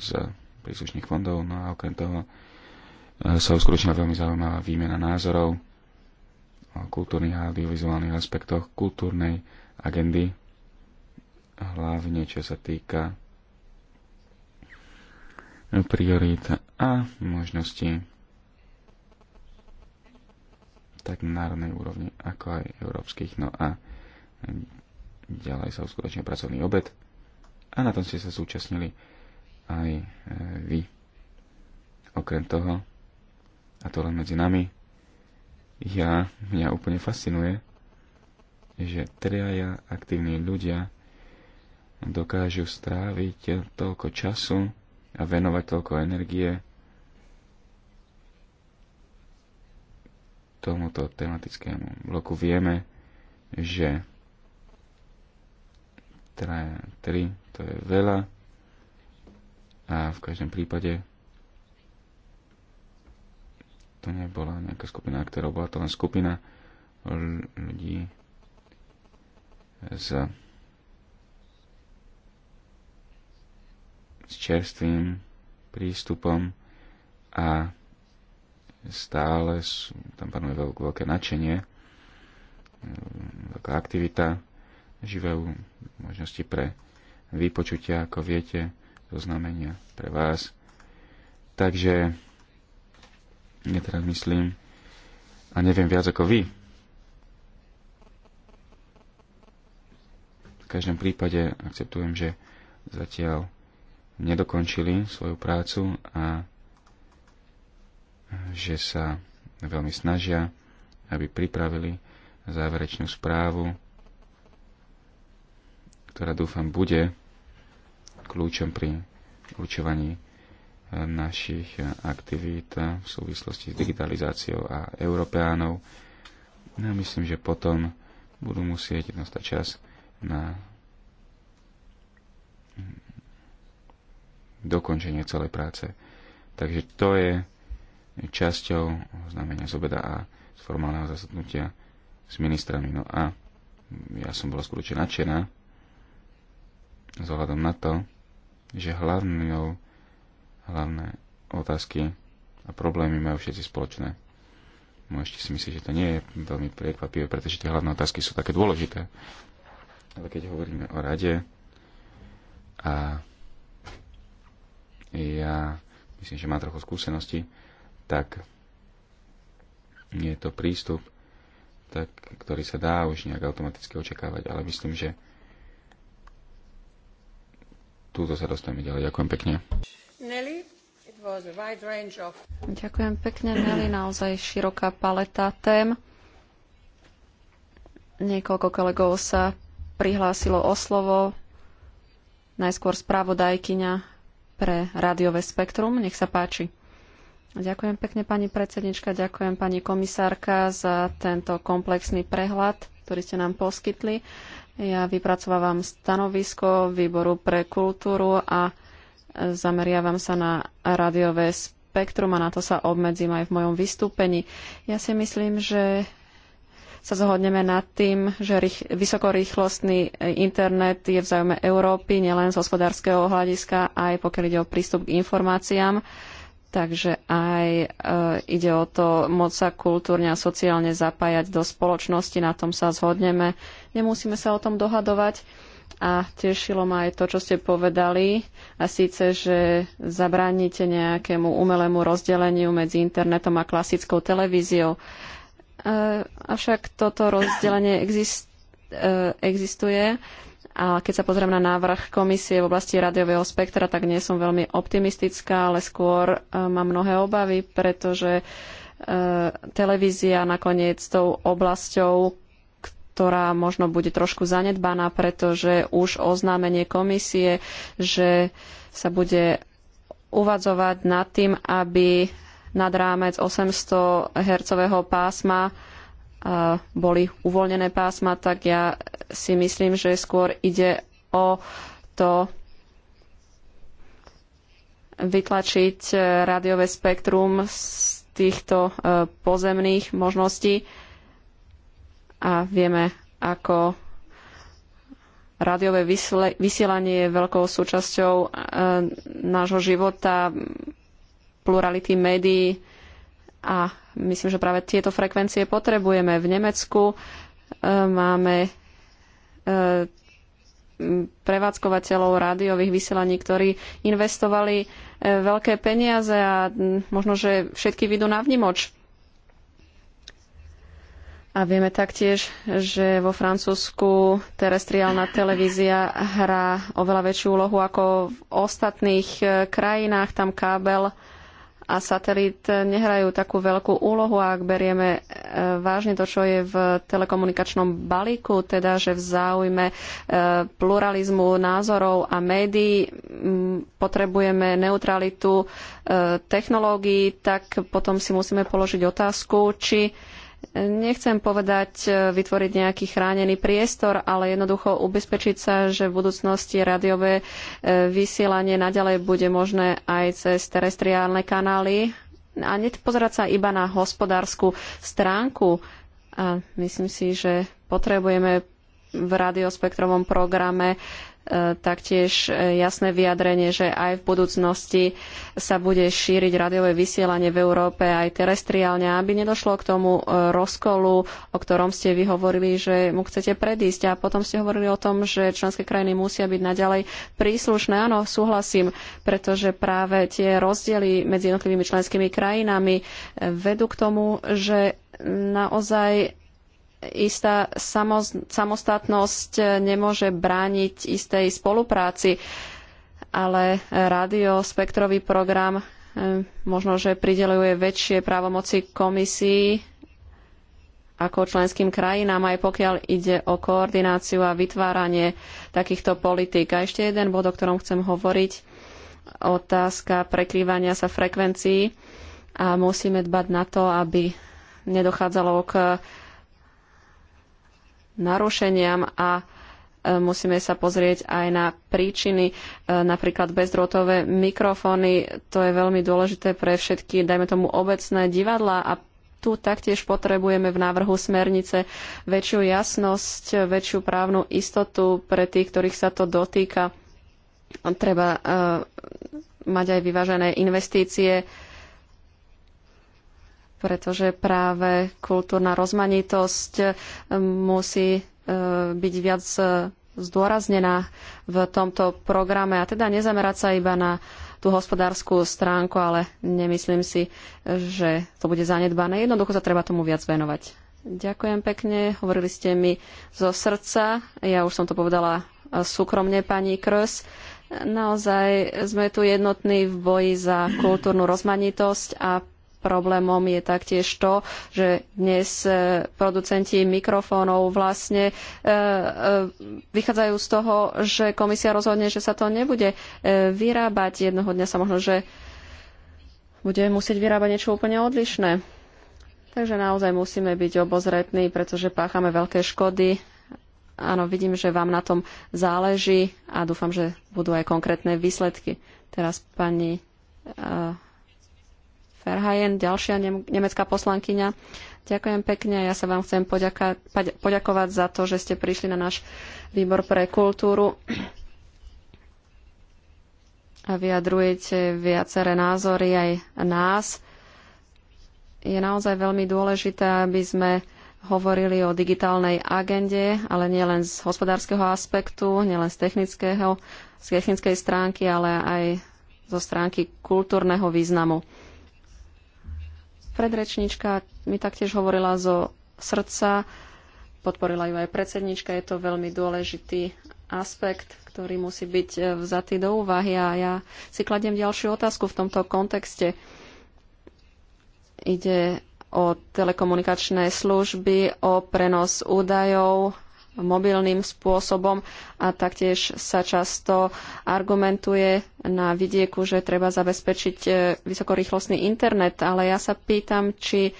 z príslušných fondov. No a okrem toho e, sa uskutočnila veľmi zaujímavá výmena názorov o kultúrnych a audiovizuálnych aspektoch kultúrnej agendy, hlavne čo sa týka priorita a možnosti tak na národnej úrovni, ako aj európskych. No a ďalej sa uskutočnil pracovný obed a na tom ste sa zúčastnili aj e, vy. Okrem toho, a to len medzi nami, ja, mňa úplne fascinuje, že triaja aktívni ľudia dokážu stráviť toľko času a venovať toľko energie tomuto tematickému bloku. Vieme, že 3, 3 to je veľa a v každom prípade to nebola nejaká skupina aktérov, bola to len skupina ľudí z s čerstvým prístupom a stále sú, tam panuje veľk, veľké nadšenie, veľká aktivita, živé možnosti pre vypočutia, ako viete, zoznamenia pre vás. Takže ja teraz myslím a neviem viac ako vy. V každom prípade akceptujem, že zatiaľ nedokončili svoju prácu a že sa veľmi snažia, aby pripravili záverečnú správu, ktorá dúfam bude kľúčom pri určovaní e, našich aktivít v súvislosti s digitalizáciou a Európeánov. No, myslím, že potom budú musieť dostať čas na dokončenie celej práce. Takže to je časťou znamenia z obeda a z formálneho zasadnutia s ministrami. No a ja som bola skutočne nadšená zohľadom na to, že hlavnou, hlavné otázky a problémy majú všetci spoločné. No ešte si myslím, že to nie je veľmi prekvapivé, pretože tie hlavné otázky sú také dôležité. Ale keď hovoríme o rade a ja myslím, že má trochu skúsenosti, tak je to prístup, tak, ktorý sa dá už nejak automaticky očakávať, ale myslím, že túto sa dostaneme ďalej. Ďakujem pekne. Nelly, of... Ďakujem pekne, Nelly, naozaj široká paleta tém. Niekoľko kolegov sa prihlásilo o slovo. Najskôr správodajkyňa pre rádiové spektrum. Nech sa páči. Ďakujem pekne, pani predsednička, ďakujem pani komisárka za tento komplexný prehľad, ktorý ste nám poskytli. Ja vypracovávam stanovisko výboru pre kultúru a zameriavam sa na rádiové spektrum a na to sa obmedzím aj v mojom vystúpení. Ja si myslím, že sa zhodneme nad tým, že vysokorýchlostný e, internet je v záujme Európy, nielen z hospodárskeho hľadiska, aj pokiaľ ide o prístup k informáciám. Takže aj e, ide o to moc sa kultúrne a sociálne zapájať do spoločnosti, na tom sa zhodneme. Nemusíme sa o tom dohadovať. A tešilo ma aj to, čo ste povedali, a síce, že zabránite nejakému umelému rozdeleniu medzi internetom a klasickou televíziou. E, E, avšak toto rozdelenie exist, e, existuje a keď sa pozriem na návrh komisie v oblasti rádiového spektra, tak nie som veľmi optimistická, ale skôr e, mám mnohé obavy, pretože televízia nakoniec tou oblasťou, ktorá možno bude trošku zanedbaná, pretože už oznámenie komisie, že sa bude uvažovať nad tým, aby nad rámec 800 hercového pásma e, boli uvoľnené pásma, tak ja si myslím, že skôr ide o to vytlačiť e, rádiové spektrum z týchto e, pozemných možností a vieme, ako rádiové vysielanie je veľkou súčasťou nášho života plurality médií a myslím, že práve tieto frekvencie potrebujeme. V Nemecku e, máme e, prevádzkovateľov rádiových vysielaní, ktorí investovali e, veľké peniaze a možno, že všetky vidú na vnimoč. A vieme taktiež, že vo Francúzsku terestriálna televízia hrá oveľa väčšiu úlohu ako v ostatných krajinách. Tam kábel a satelit nehrajú takú veľkú úlohu, ak berieme e, vážne to, čo je v telekomunikačnom balíku, teda že v záujme e, pluralizmu názorov a médií potrebujeme neutralitu e, technológií, tak potom si musíme položiť otázku, či Nechcem povedať e, vytvoriť nejaký chránený priestor, ale jednoducho ubezpečiť sa, že v budúcnosti radiové e, vysielanie naďalej bude možné aj cez terestriálne kanály a nepozerať sa iba na hospodárskú stránku. A myslím si, že potrebujeme v radiospektrovom programe e, taktiež e, jasné vyjadrenie, že aj v budúcnosti sa bude šíriť radiové vysielanie v Európe aj terestriálne, aby nedošlo k tomu e, rozkolu, o ktorom ste vy hovorili, že mu chcete predísť. A potom ste hovorili o tom, že členské krajiny musia byť naďalej príslušné. Áno, súhlasím, pretože práve tie rozdiely medzi jednotlivými členskými krajinami vedú k tomu, že naozaj istá samostatnosť eh, nemôže brániť istej spolupráci, ale eh, rádiospektrový program eh, možno, že prideluje väčšie právomoci komisii ako členským krajinám, aj pokiaľ ide o koordináciu a vytváranie takýchto politík. A ešte jeden bod, o ktorom chcem hovoriť, otázka prekrývania sa frekvencií a musíme dbať na to, aby nedochádzalo k narušeniam a e, musíme sa pozrieť aj na príčiny, e, napríklad bezdrôtové mikrofóny, to je veľmi dôležité pre všetky, dajme tomu, obecné divadlá a tu taktiež potrebujeme v návrhu smernice väčšiu jasnosť, väčšiu právnu istotu pre tých, ktorých sa to dotýka. Treba uh, mať aj vyvážené investície pretože práve kultúrna rozmanitosť eh, musí eh, byť viac eh, zdôraznená v tomto programe a teda nezamerať sa iba na tú hospodárskú stránku, ale nemyslím si, že to bude zanedbané. Jednoducho sa treba tomu viac venovať. Ďakujem pekne, hovorili ste mi zo srdca, ja už som to povedala súkromne pani Kros. Naozaj sme tu jednotní v boji za kultúrnu rozmanitosť a problémom je taktiež to, že dnes e, producenti mikrofónov vlastne e, e, vychádzajú z toho, že komisia rozhodne, že sa to nebude vyrábať. Jednoho dňa sa možno, že bude musieť vyrábať niečo úplne odlišné. Takže naozaj musíme byť obozretní, pretože páchame veľké škody. Áno, vidím, že vám na tom záleží a dúfam, že budú aj konkrétne výsledky. Teraz pani uh, Verheyen, ďalšia nemecká poslankyňa. Ďakujem pekne. Ja sa vám chcem poďaka- poďakovať za to, že ste prišli na náš výbor pre kultúru a vyjadrujete viaceré názory aj nás. Je naozaj veľmi dôležité, aby sme hovorili o digitálnej agende, ale nielen z hospodárskeho aspektu, nielen z, technického, z technickej stránky, ale aj zo stránky kultúrneho významu. Predrečníčka mi taktiež hovorila zo srdca, podporila ju aj predsednička, je to veľmi dôležitý aspekt, ktorý musí byť eh, vzatý do úvahy a ja si kladiem ďalšiu otázku v tomto kontexte. Ide o telekomunikačné služby, o prenos údajov mobilným spôsobom a taktiež sa často argumentuje na vidieku, že treba zabezpečiť e, vysokorýchlostný internet, ale ja sa pýtam, či e,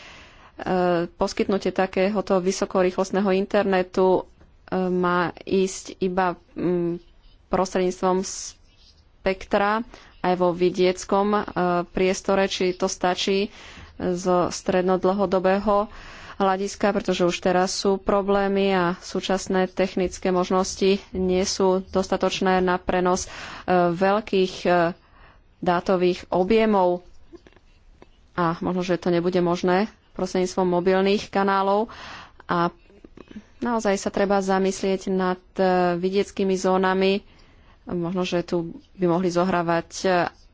poskytnutie takéhoto vysokorýchlostného internetu e, má ísť iba prostredníctvom spektra aj vo vidieckom priestore, či to stačí zo strednodlhodobého hľadiska, pretože už teraz sú problémy a súčasné technické možnosti nie sú dostatočné na prenos e, veľkých e, dátových objemov a možno, že to nebude možné prostredníctvom mobilných kanálov a naozaj sa treba zamyslieť nad e, vidieckými zónami. Možno, že tu by mohli zohrávať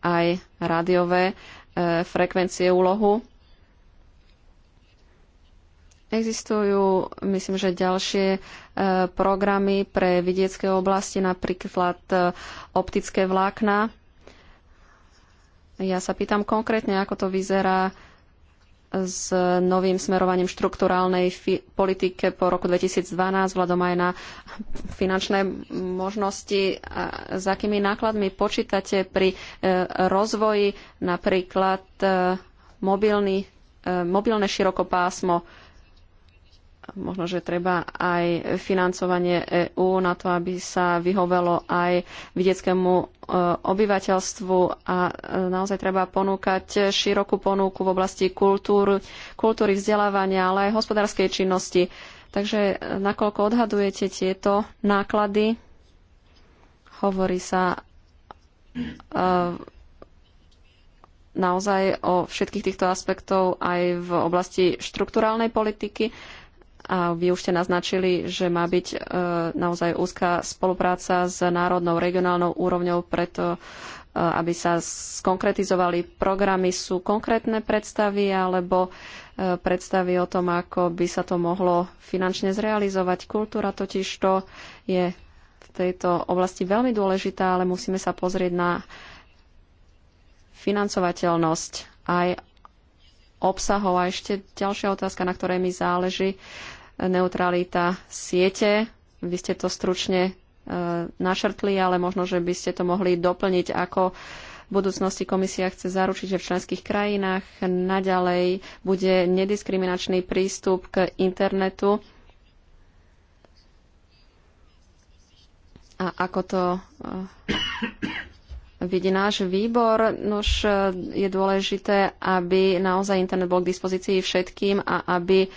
aj rádiové frekvencie úlohu Existujú, myslím, že ďalšie e, programy pre vidiecké oblasti, napríklad e, optické vlákna. Ja sa pýtam konkrétne, ako to vyzerá s novým smerovaním štruktúrálnej politike po roku 2012, vzhľadom aj na finančné možnosti, a s akými nákladmi počítate pri e, rozvoji napríklad e, mobilný, e, mobilné širokopásmo možno, že treba aj financovanie EÚ na to, aby sa vyhovelo aj vidieckému e, obyvateľstvu a e, naozaj treba ponúkať širokú ponúku v oblasti kultúr, kultúry vzdelávania, ale aj hospodárskej činnosti. Takže e, nakoľko odhadujete tieto náklady? Hovorí sa naozaj o všetkých týchto aspektov aj v oblasti štrukturálnej politiky. A vy už ste naznačili, že má byť e, naozaj úzká spolupráca s národnou, regionálnou úrovňou, preto e, aby sa skonkretizovali programy, sú konkrétne predstavy alebo e, predstavy o tom, ako by sa to mohlo finančne zrealizovať. Kultúra totiž to je v tejto oblasti veľmi dôležitá, ale musíme sa pozrieť na financovateľnosť aj obsahov. A ešte ďalšia otázka, na ktorej mi záleží neutralita siete. Vy ste to stručne e, našrtli, ale možno, že by ste to mohli doplniť, ako v budúcnosti komisia chce zaručiť, že v členských krajinách naďalej bude nediskriminačný prístup k internetu. A ako to e, vidí náš výbor, nož e, je dôležité, aby naozaj internet bol k dispozícii všetkým a aby uh,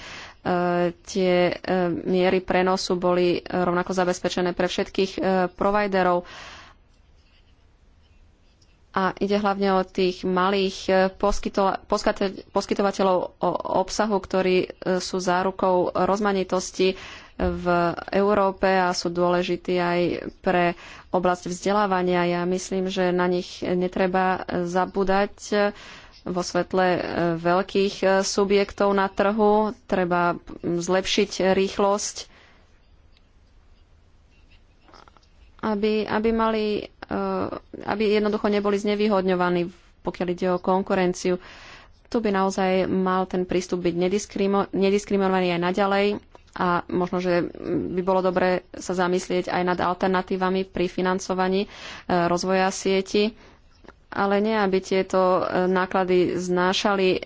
E, tie e, miery prenosu boli rovnako zabezpečené pre všetkých e, providerov. A ide hlavne o tých malých poskytovateľov obsahu, ktorí sú zárukou rozmanitosti v Európe a sú dôležití aj pre oblasť vzdelávania. Ja myslím, že na nich netreba zabúdať vo svetle e, veľkých e, subjektov na trhu. Treba zlepšiť rýchlosť, aby, aby, mali, e, aby jednoducho neboli znevýhodňovaní, pokiaľ ide o konkurenciu. Tu by naozaj mal ten prístup byť nediskrimo, nediskriminovaný aj naďalej a možno, že by bolo dobre sa zamyslieť aj nad alternatívami pri financovaní rozvoja sieti ale nie, aby tieto e, náklady znášali e,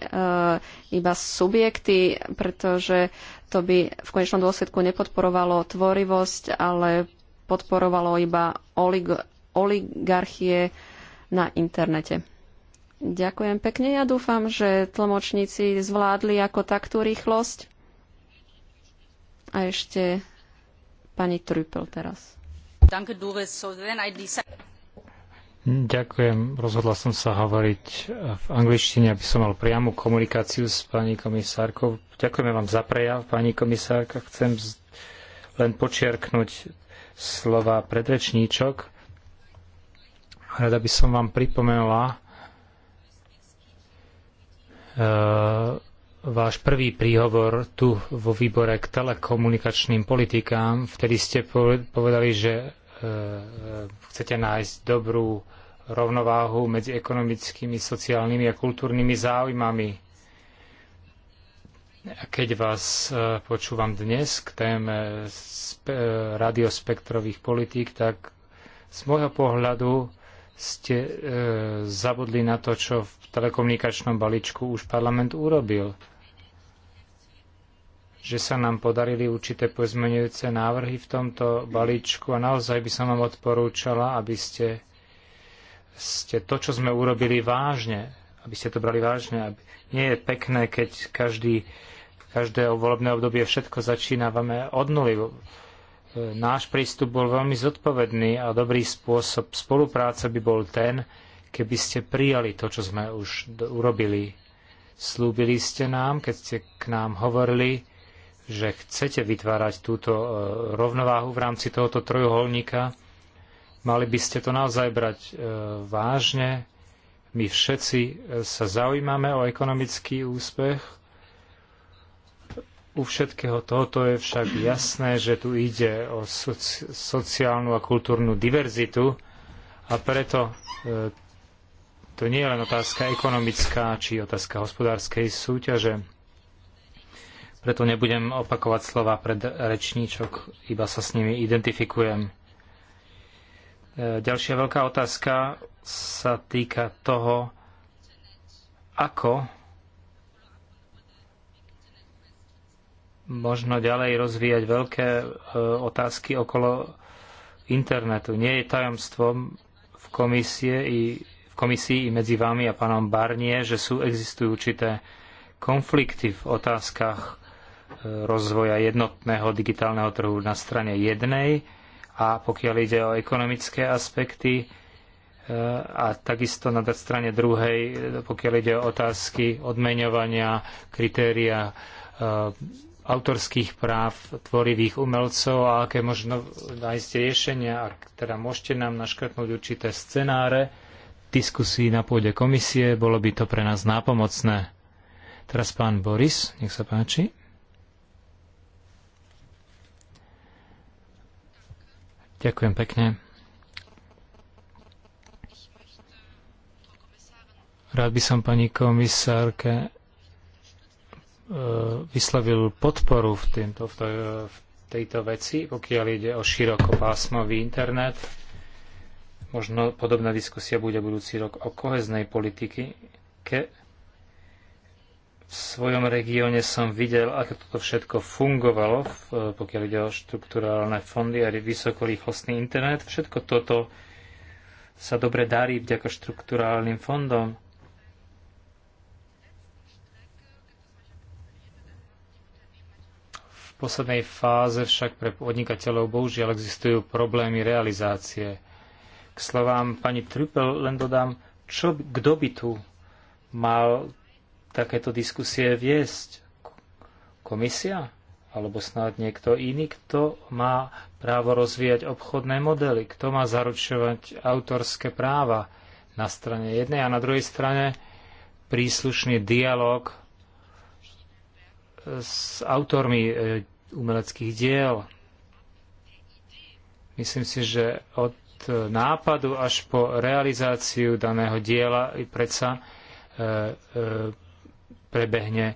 iba subjekty, pretože to by v konečnom dôsledku nepodporovalo tvorivosť, ale podporovalo iba olig- oligarchie na internete. Ďakujem pekne. Ja dúfam, že tlmočníci zvládli ako tak tú rýchlosť. A ešte pani Trüppel teraz. Danke, Doris. So then I Hm, ďakujem. Rozhodla som sa hovoriť eh, v angličtine, aby som mal priamu komunikáciu s pani komisárkou. Ďakujeme vám za prejav, pani komisárka. Chcem len počiarknúť slova predrečníčok. Rada by som vám pripomenula eh, váš prvý príhovor tu vo výbore k telekomunikačným politikám. Vtedy ste povedali, že E, e, chcete nájsť dobrú rovnováhu medzi ekonomickými, sociálnymi a kultúrnymi záujmami. Keď vás e, počúvam dnes k téme radiospektrových politík, tak z môjho pohľadu ste e, zabudli na to, čo v telekomunikačnom balíčku už parlament urobil že sa nám podarili určité pozmenujúce návrhy v tomto balíčku a naozaj by som vám odporúčala, aby ste, ste to, čo sme urobili vážne, aby ste to brali vážne. Aby, nie je pekné, keď každý, každé volebné obdobie všetko začínavame od nuly. Náš prístup bol veľmi zodpovedný a dobrý spôsob spolupráce by bol ten, keby ste prijali to, čo sme už urobili. Slúbili ste nám, keď ste k nám hovorili, že chcete vytvárať túto e, rovnováhu v rámci tohoto trojuholníka. Mali by ste to naozaj brať e, vážne. My všetci e, sa zaujímame o ekonomický úspech. U všetkého tohoto je však jasné, že tu ide o soci sociálnu a kultúrnu diverzitu a preto to nie je len otázka ekonomická či otázka hospodárskej súťaže preto nebudem opakovať slova pred rečníčok, iba sa s nimi identifikujem. E, ďalšia veľká otázka sa týka toho, ako možno ďalej rozvíjať veľké e, otázky okolo internetu. Nie je tajomstvom v, komisie i, v komisii i medzi vami a pánom Barnie, že sú existujú určité konflikty v otázkach rozvoja jednotného digitálneho trhu na strane jednej a pokiaľ ide o ekonomické aspekty e, a takisto na strane druhej, pokiaľ ide o otázky odmeňovania, kritéria e, autorských práv tvorivých umelcov a aké možno nájsť riešenia, ak teda môžete nám naškrtnúť určité scenáre diskusí na pôde komisie, bolo by to pre nás nápomocné. Teraz pán Boris, nech sa páči. Ďakujem pekne. Rád by som pani komisárke e, vyslovil podporu v, týmto, e, v tejto veci, pokiaľ ide o širokopásmový internet. Možno podobná diskusia bude budúci rok o koheznej politike, ke, v svojom regióne som videl, ako toto všetko fungovalo, eh, pokiaľ ide o štrukturálne fondy a vysokorýchlostný internet. Všetko toto sa dobre darí vďaka štrukturálnym fondom. V poslednej fáze však pre podnikateľov bohužiaľ existujú problémy realizácie. K slovám pani Trupel len dodám, čo, kto by tu mal takéto diskusie viesť? Komisia? Alebo snáď niekto iný, kto má právo rozvíjať obchodné modely? Kto má zaručovať autorské práva na strane jednej a na druhej strane príslušný dialog s autormi e, umeleckých diel? Myslím si, že od nápadu až po realizáciu daného diela i predsa e, e, prebehne eh,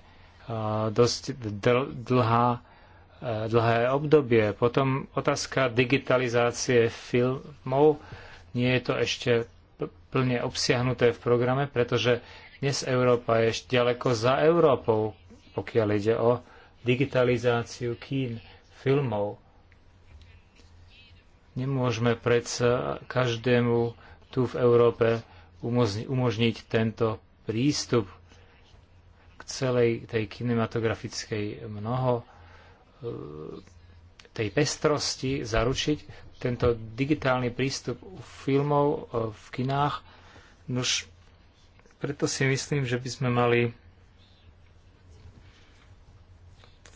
dosť dlhá, eh, dlhé obdobie. Potom otázka digitalizácie filmov. Nie je to ešte plne obsiahnuté v programe, pretože dnes Európa je ešte ďaleko za Európou, pokiaľ ide o digitalizáciu kín, filmov. Nemôžeme predsa každému tu v Európe umožniť tento prístup celej tej kinematografickej mnoho e, tej pestrosti zaručiť tento digitálny prístup filmov e, v kinách. Nož preto si myslím, že by sme mali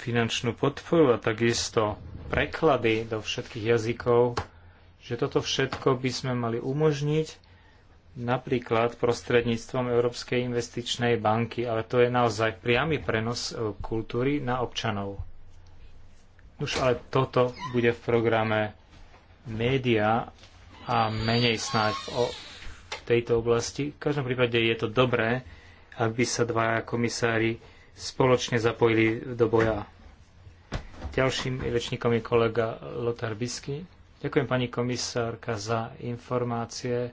finančnú podporu a takisto preklady do všetkých jazykov, že toto všetko by sme mali umožniť napríklad prostredníctvom Európskej investičnej banky, ale to je naozaj priamy prenos e, kultúry na občanov. Už ale toto bude v programe média a menej snáď o tejto oblasti. V každom prípade je to dobré, aby sa dvaja komisári spoločne zapojili do boja. Ďalším rečníkom je kolega Lothar Bisky. Ďakujem pani komisárka za informácie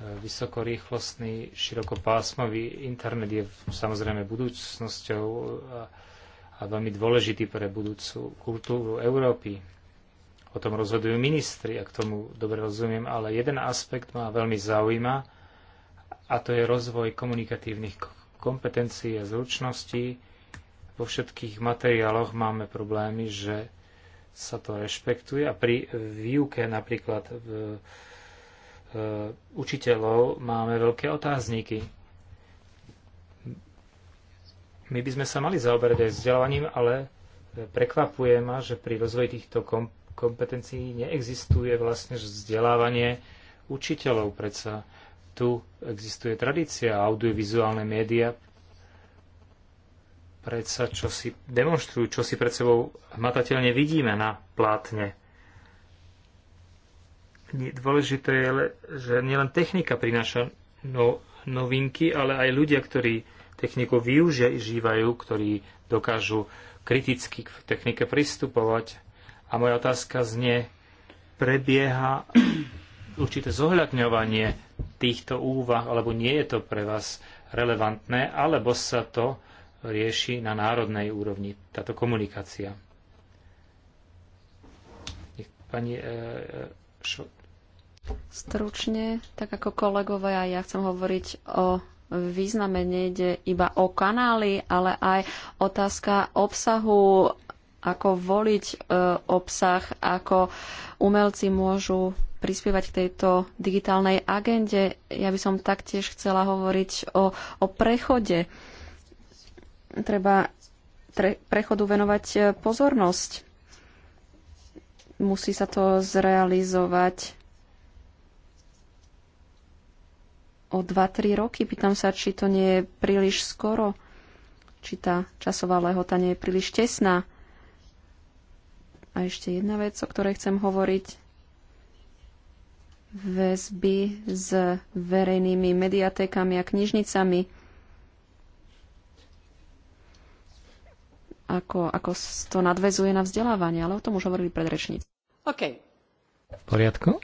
Vysokorýchlostný širokopásmový internet je samozrejme budúcnosťou a, a veľmi dôležitý pre budúcu kultúru Európy. O tom rozhodujú ministri, ak tomu dobre rozumiem, ale jeden aspekt ma veľmi zaujíma a to je rozvoj komunikatívnych kompetencií a zručností. Vo všetkých materiáloch máme problémy, že sa to rešpektuje a pri výuke napríklad v, E, učiteľov máme veľké otázniky. My by sme sa mali zaoberať aj vzdelávaním, ale prekvapuje ma, že pri rozvoji týchto kom- kompetencií neexistuje vlastne vzdelávanie učiteľov. Predsa tu existuje tradícia, audiovizuálne média predsa čo si demonstrujú, čo si pred sebou hmatateľne vidíme na plátne. Dôležité je, že nielen technika prináša no, novinky, ale aj ľudia, ktorí techniku využívajú, ktorí dokážu kriticky k technike pristupovať. A moja otázka znie, prebieha určité zohľadňovanie týchto úvah, alebo nie je to pre vás relevantné, alebo sa to rieši na národnej úrovni, táto komunikácia. Pani e, Stručne, tak ako kolegovia, ja chcem hovoriť o význame. Nejde iba o kanály, ale aj otázka obsahu, ako voliť e, obsah, ako umelci môžu prispievať k tejto digitálnej agende. Ja by som taktiež chcela hovoriť o, o prechode. Treba tre, prechodu venovať e, pozornosť. Musí sa to zrealizovať o 2-3 roky. Pýtam sa, či to nie je príliš skoro, či tá časová lehota nie je príliš tesná. A ešte jedna vec, o ktorej chcem hovoriť. Väzby s verejnými mediatékami a knižnicami. Ako, ako to nadvezuje na vzdelávanie, ale o tom už hovorili predrečníci. OK. V poriadku.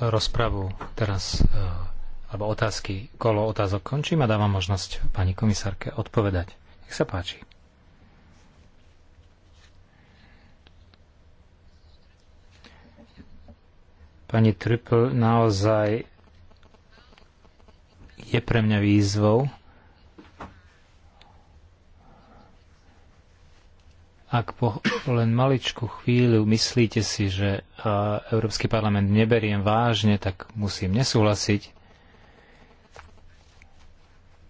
Rozpravu teraz e, alebo otázky, kolo otázok končím a dávam možnosť pani komisárke odpovedať. Nech sa páči. Pani Triple, naozaj je pre mňa výzvou, ak po len maličku chvíľu myslíte si, že Európsky parlament neberiem vážne, tak musím nesúhlasiť.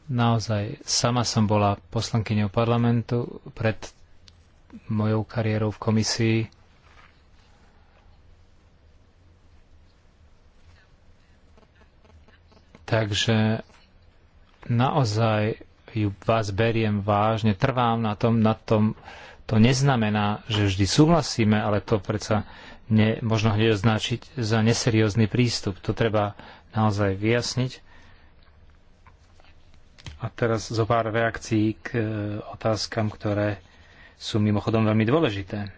Naozaj, sama som bola poslankyňou parlamentu pred mojou kariérou v komisii. Takže naozaj ju vás beriem vážne, trvám na tom, na tom, to neznamená, že vždy súhlasíme, ale to predsa ne, možno hneď označiť za neseriózny prístup. To treba naozaj vyjasniť. A teraz zo pár reakcií k e, otázkam, ktoré sú mimochodom veľmi dôležité.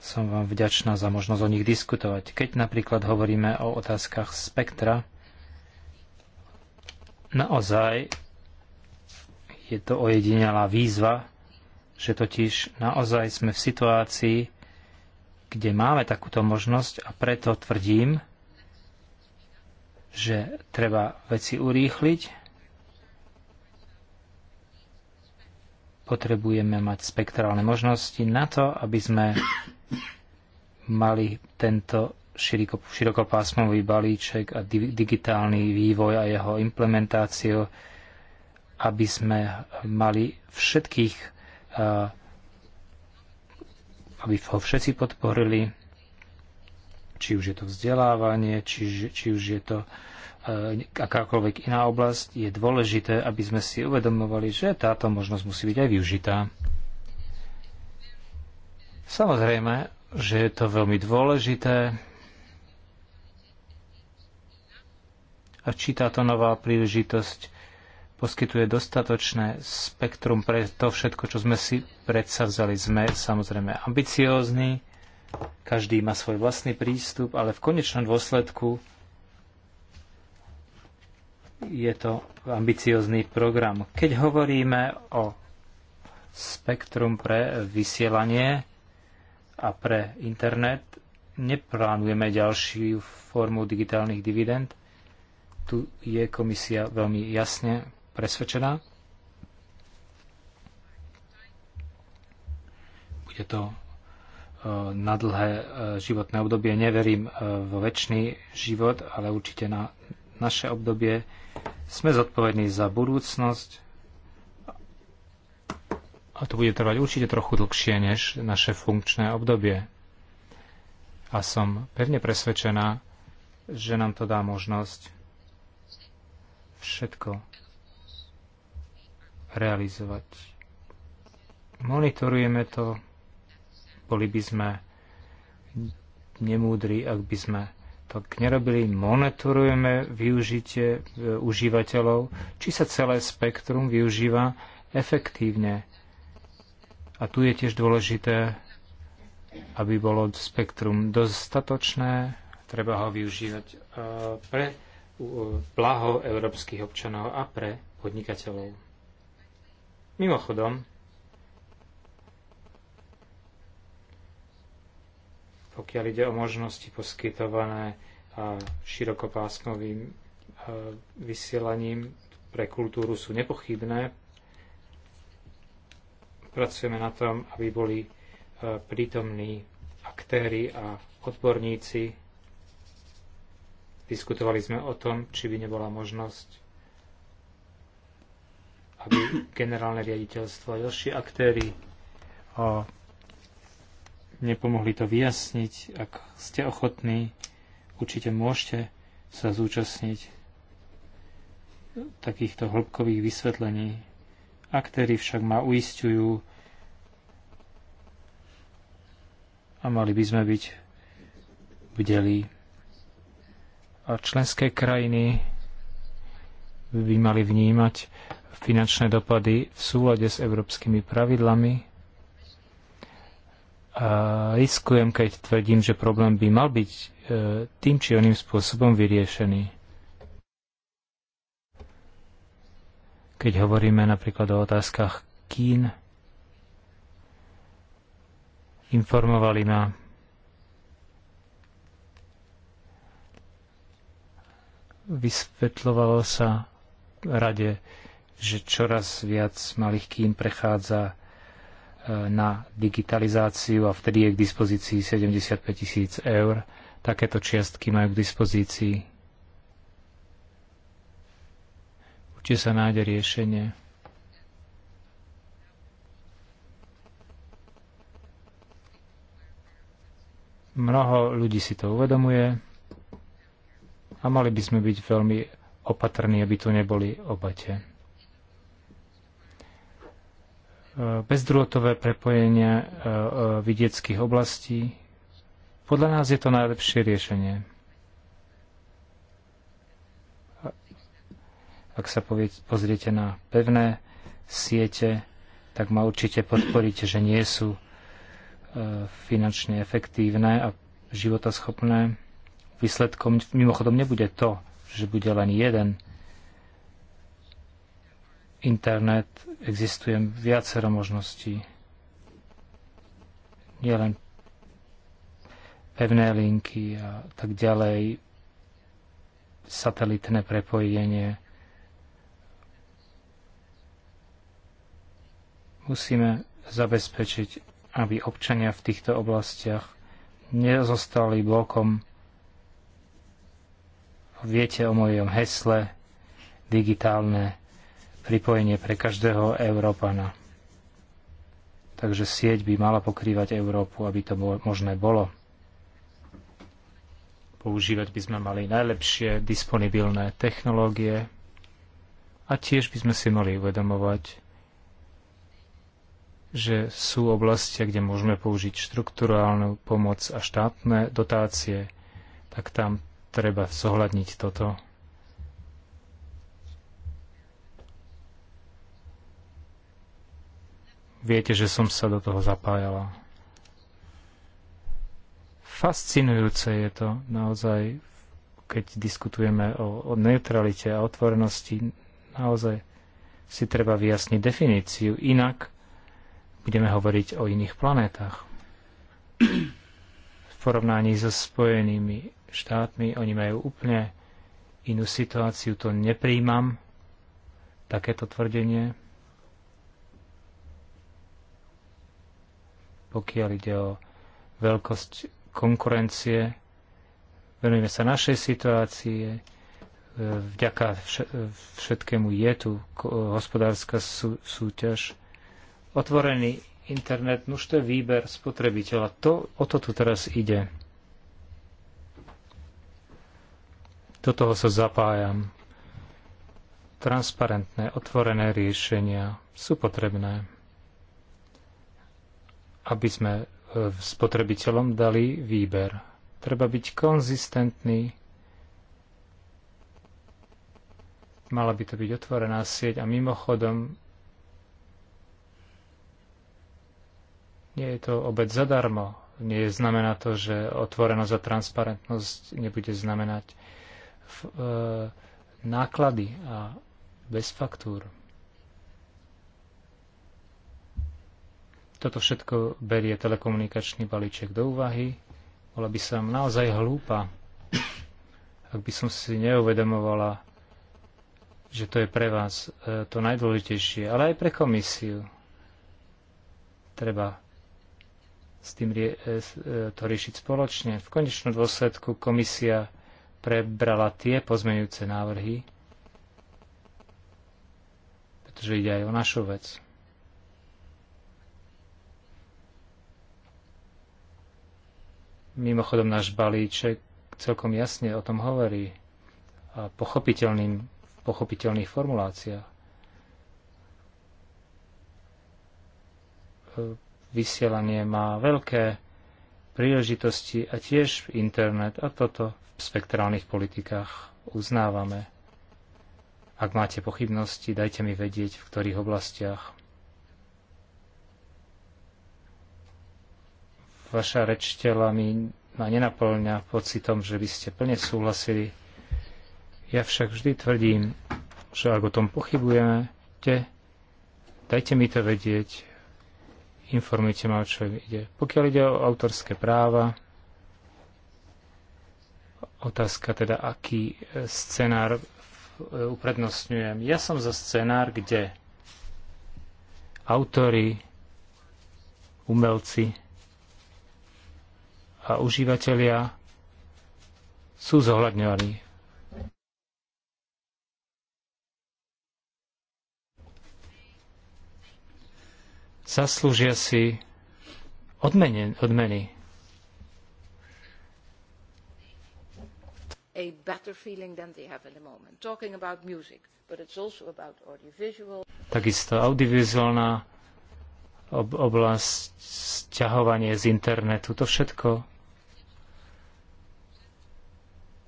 Som vám vďačná za možnosť o nich diskutovať. Keď napríklad hovoríme o otázkach spektra, naozaj je to ojedinelá výzva, že totiž naozaj sme v situácii, kde máme takúto možnosť a preto tvrdím, že treba veci urýchliť, potrebujeme mať spektrálne možnosti na to, aby sme mali tento široko, širokopásmový balíček a di- digitálny vývoj a jeho implementáciu, aby sme mali všetkých, aby ho všetci podporili či už je to vzdelávanie, či, či už je to eh, akákoľvek iná oblasť, je dôležité, aby sme si uvedomovali, že táto možnosť musí byť aj využitá. Samozrejme, že je to veľmi dôležité a či táto nová príležitosť poskytuje dostatočné spektrum pre to všetko, čo sme si predsa vzali. Sme samozrejme ambiciózni, každý má svoj vlastný prístup, ale v konečnom dôsledku je to ambiciózny program. Keď hovoríme o spektrum pre vysielanie a pre internet, neplánujeme ďalšiu formu digitálnych dividend. Tu je komisia veľmi jasne presvedčená. Bude to E, na dlhé e, životné obdobie. Neverím e, vo väčší život, ale určite na naše obdobie. Sme zodpovední za budúcnosť a to bude trvať určite trochu dlhšie než naše funkčné obdobie. A som pevne presvedčená, že nám to dá možnosť všetko realizovať. Monitorujeme to, boli by sme nemúdri, ak by sme tak nerobili, monitorujeme využitie e, užívateľov, či sa celé spektrum využíva efektívne. A tu je tiež dôležité, aby bolo spektrum dostatočné, treba ho využívať e, pre e, blaho európskych občanov a pre podnikateľov. Mimochodom, pokiaľ ide o možnosti poskytované širokopásmovým vysielaním pre kultúru sú nepochybné. Pracujeme na tom, aby boli prítomní aktéry a odborníci. Diskutovali sme o tom, či by nebola možnosť, aby generálne riaditeľstvo a ďalšie aktéry nepomohli to vyjasniť. Ak ste ochotní, určite môžete sa zúčastniť takýchto hĺbkových vysvetlení. Aktéry však ma uistujú a mali by sme byť vdelí. A členské krajiny by mali vnímať finančné dopady v súlade s európskymi pravidlami a riskujem, keď tvrdím, že problém by mal byť e, tým či oným spôsobom vyriešený. Keď hovoríme napríklad o otázkach kín, informovali ma vysvetľovalo sa rade, že čoraz viac malých kín prechádza na digitalizáciu a vtedy je k dispozícii 75 tisíc eur. Takéto čiastky majú k dispozícii. Určite sa nájde riešenie. Mnoho ľudí si to uvedomuje a mali by sme byť veľmi opatrní, aby tu neboli obate bezdrôtové prepojenia e, e, vidieckých oblastí. Podľa nás je to najlepšie riešenie. Ak sa pozriete na pevné siete, tak ma určite podporíte, že nie sú e, finančne efektívne a životaschopné. Výsledkom mimochodom nebude to, že bude len jeden internet existuje viacero možností. Nielen pevné linky a tak ďalej, satelitné prepojenie. Musíme zabezpečiť, aby občania v týchto oblastiach nezostali blokom. Viete o mojom hesle digitálne pripojenie pre každého Európana. Takže sieť by mala pokrývať Európu, aby to bolo, možné bolo. Používať by sme mali najlepšie disponibilné technológie a tiež by sme si mali uvedomovať, že sú oblasti, kde môžeme použiť štrukturálnu pomoc a štátne dotácie, tak tam treba zohľadniť toto. Viete, že som sa do toho zapájala. Fascinujúce je to naozaj, keď diskutujeme o, o neutralite a otvorenosti, naozaj si treba vyjasniť definíciu, inak budeme hovoriť o iných planetách. V porovnaní so Spojenými štátmi oni majú úplne inú situáciu, to nepríjmam, takéto tvrdenie. pokiaľ ide o veľkosť konkurencie. Venujeme sa našej situácii. E, vďaka e, všetkému je tu e, hospodárska súťaž. Otvorený internet, no už to je výber spotrebiteľa. To, o to tu teraz ide. Do toho sa zapájam. Transparentné, otvorené riešenia sú potrebné aby sme e, spotrebiteľom dali výber. Treba byť konzistentný. Mala by to byť otvorená sieť a mimochodom nie je to obec zadarmo. Nie znamená to, že otvorenosť a transparentnosť nebude znamenať v, e, náklady a bez faktúr. Toto všetko berie telekomunikačný balíček do úvahy. Bola by som naozaj hlúpa, ak by som si neuvedomovala, že to je pre vás e, to najdôležitejšie, ale aj pre komisiu. Treba s tým e, e, to riešiť spoločne. V konečnom dôsledku komisia prebrala tie pozmeňujúce návrhy, pretože ide aj o našu vec. Mimochodom, náš balíček celkom jasne o tom hovorí a pochopiteľným, pochopiteľných formuláciách. E, vysielanie má veľké príležitosti a tiež internet a toto v spektrálnych politikách uznávame. Ak máte pochybnosti, dajte mi vedieť, v ktorých oblastiach. Vaša reč tela mi ma nenaplňa pocitom, že by ste plne súhlasili. Ja však vždy tvrdím, že ak o tom pochybujeme, te, dajte mi to vedieť, informujte ma, o čo ide. Pokiaľ ide o autorské práva, otázka teda, aký e, scenár e, uprednostňujem. Ja som za scenár, kde autory, umelci, a užívateľia sú zohľadňovaní. Zaslúžia si odmene, odmeny. a better feeling than they have at the moment. Talking about music, but it's also about audiovisual. Takisto audiovizuálna oblasť, sťahovanie z internetu, to všetko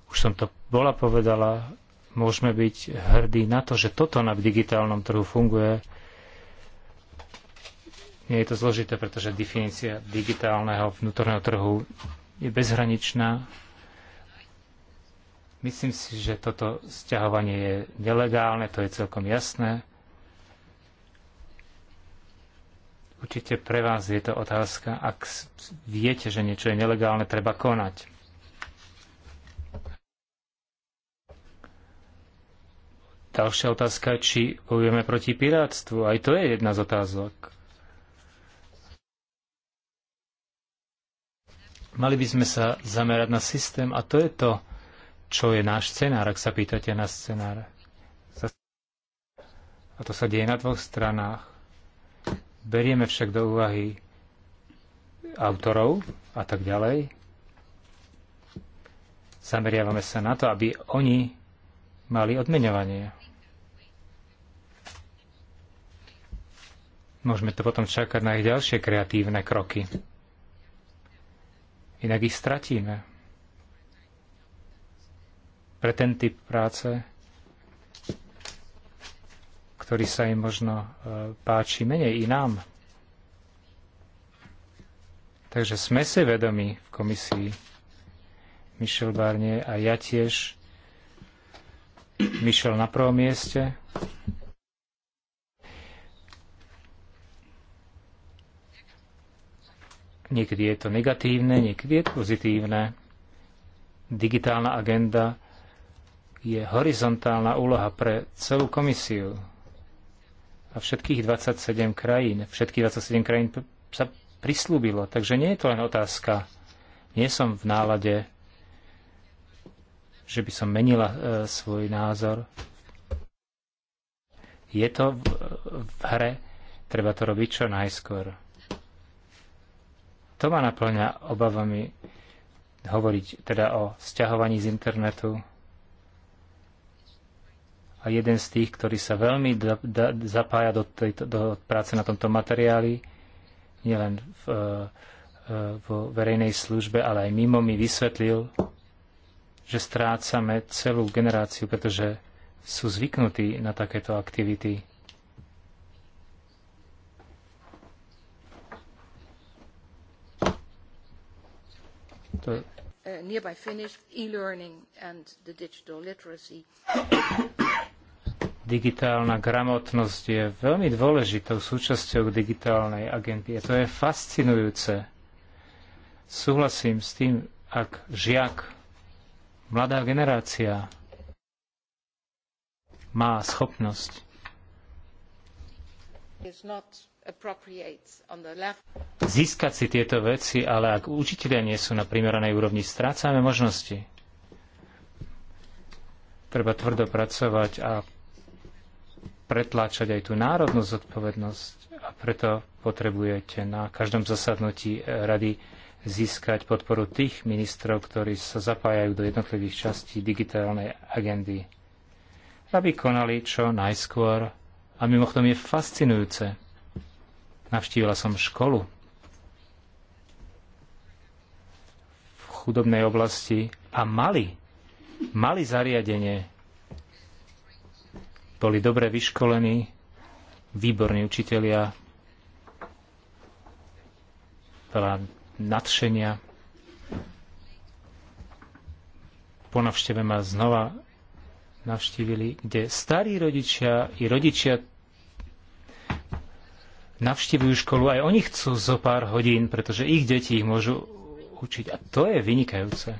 už som to bola povedala, môžeme byť hrdí na to, že toto na digitálnom trhu funguje. Nie je to zložité, pretože definícia digitálneho vnútorného trhu je bezhraničná. Myslím si, že toto sťahovanie je nelegálne, to je celkom jasné. Určite pre vás je to otázka, ak viete, že niečo je nelegálne, treba konať Ďalšia otázka, či bojujeme proti pirátstvu. Aj to je jedna z otázok. Mali by sme sa zamerať na systém a to je to, čo je náš scenár, ak sa pýtate na scenár. A to sa deje na dvoch stranách. Berieme však do úvahy autorov a tak ďalej. Zameriavame sa na to, aby oni mali odmeňovanie. Môžeme to potom čakať na ich ďalšie kreatívne kroky. Inak ich stratíme. Pre ten typ práce, ktorý sa im možno e, páči menej i nám. Takže sme si vedomi v komisii. Michel Barnier a ja tiež. Michel na prvom mieste Niekedy je to negatívne, niekedy je to pozitívne. Digitálna agenda je horizontálna úloha pre celú komisiu a všetkých 27 krajín, všetkých 27 krajín sa prislúbilo. Takže nie je to len otázka. Nie som v nálade, že by som menila e, svoj názor. Je to v, e, v hre, treba to robiť čo najskôr. To ma naplňa obavami hovoriť teda o sťahovaní z internetu. A jeden z tých, ktorý sa veľmi da, da, zapája do, tejto, do práce na tomto materiáli, nielen v, e, e, vo verejnej službe, ale aj mimo mi vysvetlil, že strácame celú generáciu, pretože sú zvyknutí na takéto aktivity. To... Uh, nearby Finnish, e-learning and the digital literacy. Digitálna gramotnosť je veľmi dôležitou súčasťou digitálnej agendy. A to je fascinujúce. Súhlasím s tým, ak žiak, mladá generácia má schopnosť is not Získať si tieto veci, ale ak učitelia nie sú na primeranej úrovni, strácame možnosti. Treba tvrdo pracovať a pretláčať aj tú národnú zodpovednosť a preto potrebujete na každom zasadnutí rady získať podporu tých ministrov, ktorí sa zapájajú do jednotlivých častí digitálnej agendy. Aby konali čo najskôr. A mimochodom je fascinujúce, Navštívila som školu v chudobnej oblasti a mali, mali zariadenie. Boli dobre vyškolení, výborní učitelia, veľa nadšenia. Po navšteve ma znova navštívili, kde starí rodičia i rodičia navštívujú školu, aj oni chcú zo pár hodín, pretože ich deti ich môžu učiť. A to je vynikajúce.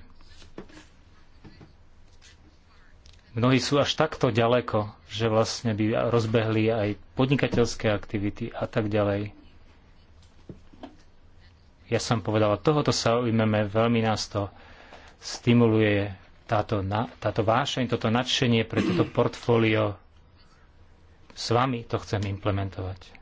Mnohí sú až takto ďaleko, že vlastne by rozbehli aj podnikateľské aktivity a tak ďalej. Ja som povedal, tohoto sa ujmeme, veľmi nás to stimuluje táto, na, táto vášeň, toto nadšenie pre toto portfólio s vami to chcem implementovať.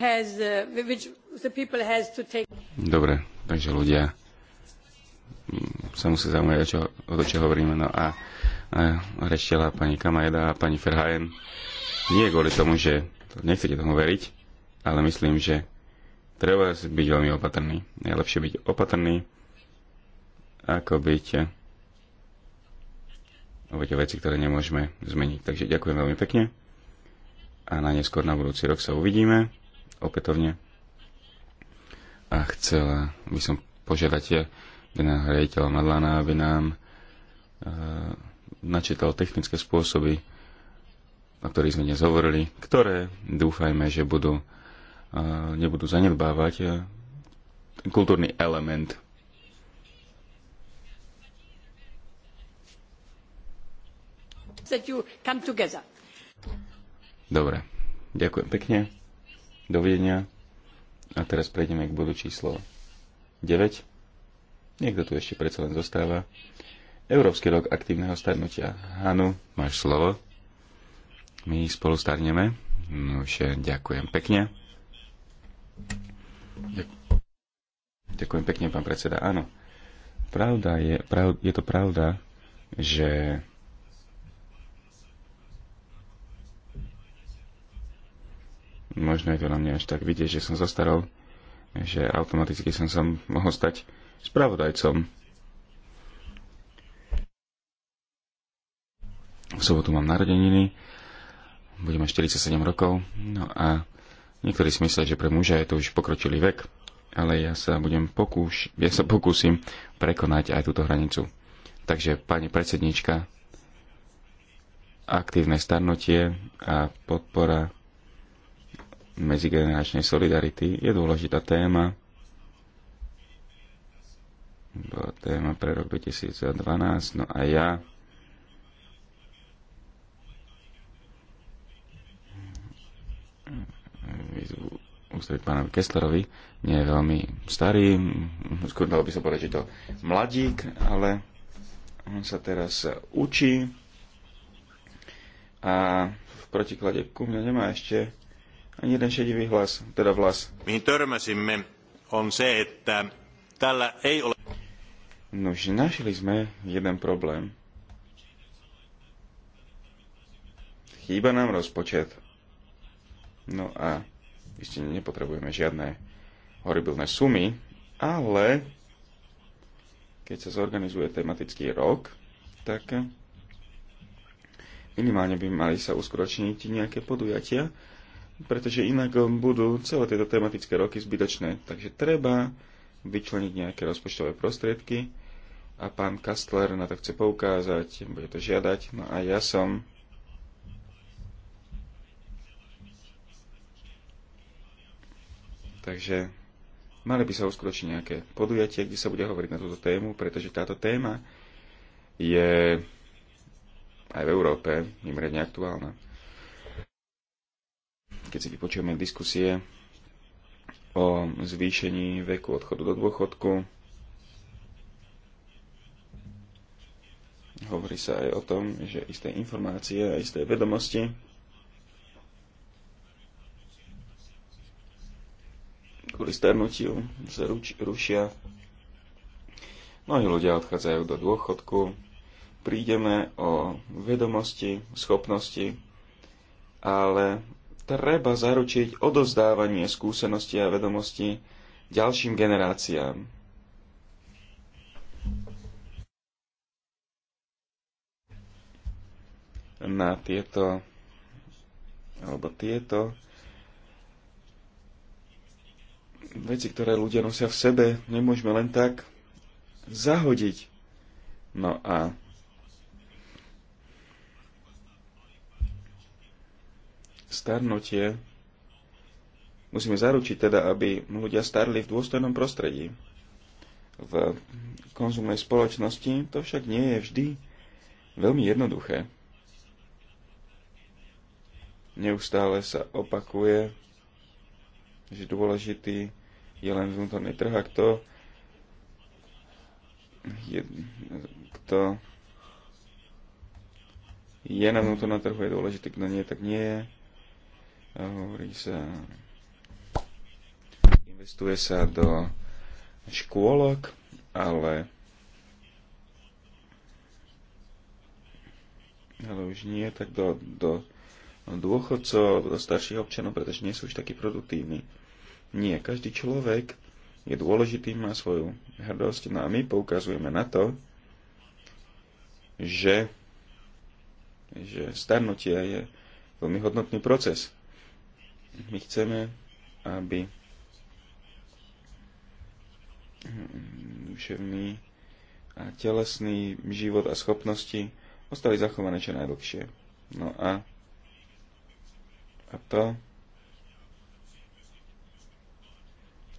has, uh, which the people has to take. Dobre, takže ľudia mm, sa musí zaujímať, o čo, o čo hovoríme. No a, a reštela pani Kamajeda a pani Ferhajen. Nie kvôli tomu, že nechcete tomu veriť, ale myslím, že treba byť veľmi opatrný. Je lepšie byť opatrný, ako byť obeť veci, ktoré nemôžeme zmeniť. Takže ďakujem veľmi pekne a na neskôr na budúci rok sa uvidíme opätovne a chcel by som požiadať generálneho rejiteľa Madlana, aby nám e, načítal technické spôsoby, o ktorých sme dnes hovorili, ktoré dúfajme, že budú, e, nebudú zanedbávať e, ten kultúrny element Dobre, ďakujem pekne. Dovidenia. A teraz prejdeme k bodu číslo 9. Niekto tu ešte predsa len zostáva. Európsky rok aktívneho starnutia. Hanu, máš slovo. My spolu starneme. No už eh, ďakujem pekne. Ďakujem pekne, pán predseda. Áno, pravda je, prav, je to pravda, že Možno je to na mňa až tak vidieť, že som zostarol, že automaticky som sa mohol stať spravodajcom. V sobotu mám narodeniny, budem mať 47 rokov, no a niektorí si myslia, že pre muža je to už pokročilý vek, ale ja sa budem pokúš, ja sa pokúsim prekonať aj túto hranicu. Takže, pani predsednička, aktívne starnutie a podpora medzigeneračnej solidarity je dôležitá téma. Bola téma pre rok 2012. No a ja výzvu ústaviť pánovi Kesslerovi. Nie je veľmi starý, skôr dalo by sa povedať, že to mladík, ale on sa teraz učí a v protiklade ku mne nemá ešte jeden šedivý hlas, teda vlas. Mihin törmäsimme on se, että tällä ei ole... Nož, našli sme jeden problém. Chýba nám rozpočet. No a iste nepotrebujeme žiadne horibilné sumy, ale keď sa zorganizuje tematický rok, tak minimálne by mali sa uskutočniť nejaké podujatia, pretože inak um, budú celé tieto tematické roky zbytočné. Takže treba vyčleniť nejaké rozpočtové prostriedky a pán Kastler na to chce poukázať, bude to žiadať. No a ja som Takže mali by sa uskutočniť nejaké podujatie, kde sa bude hovoriť na túto tému, pretože táto téma je aj v Európe mimoriadne aktuálna keď si vypočujeme diskusie o zvýšení veku odchodu do dôchodku, hovorí sa aj o tom, že isté informácie a isté vedomosti kvôli starnutiu sa ruč, rušia. Mnohí ľudia odchádzajú do dôchodku. Prídeme o vedomosti, schopnosti, ale treba zaručiť odozdávanie skúsenosti a vedomosti ďalším generáciám. Na tieto alebo tieto veci, ktoré ľudia nosia v sebe, nemôžeme len tak zahodiť. No a starnutie. Musíme zaručiť teda, aby ľudia starli v dôstojnom prostredí. V konzumnej spoločnosti to však nie je vždy veľmi jednoduché. Neustále sa opakuje, že dôležitý je len vnútorný trh a kto, je, kto je na vnútornom trhu je dôležitý, kto nie, tak nie je hovorí sa, investuje sa do škôlok, ale ale už nie tak do, do dôchodcov, do starších občanov, pretože nie sú už takí produktívni. Nie, každý človek je dôležitý, má svoju hrdosť, no a my poukazujeme na to, že, že starnutie je veľmi hodnotný proces. My chceme, aby duševný a telesný život a schopnosti ostali zachované čo najdlhšie. No a, a to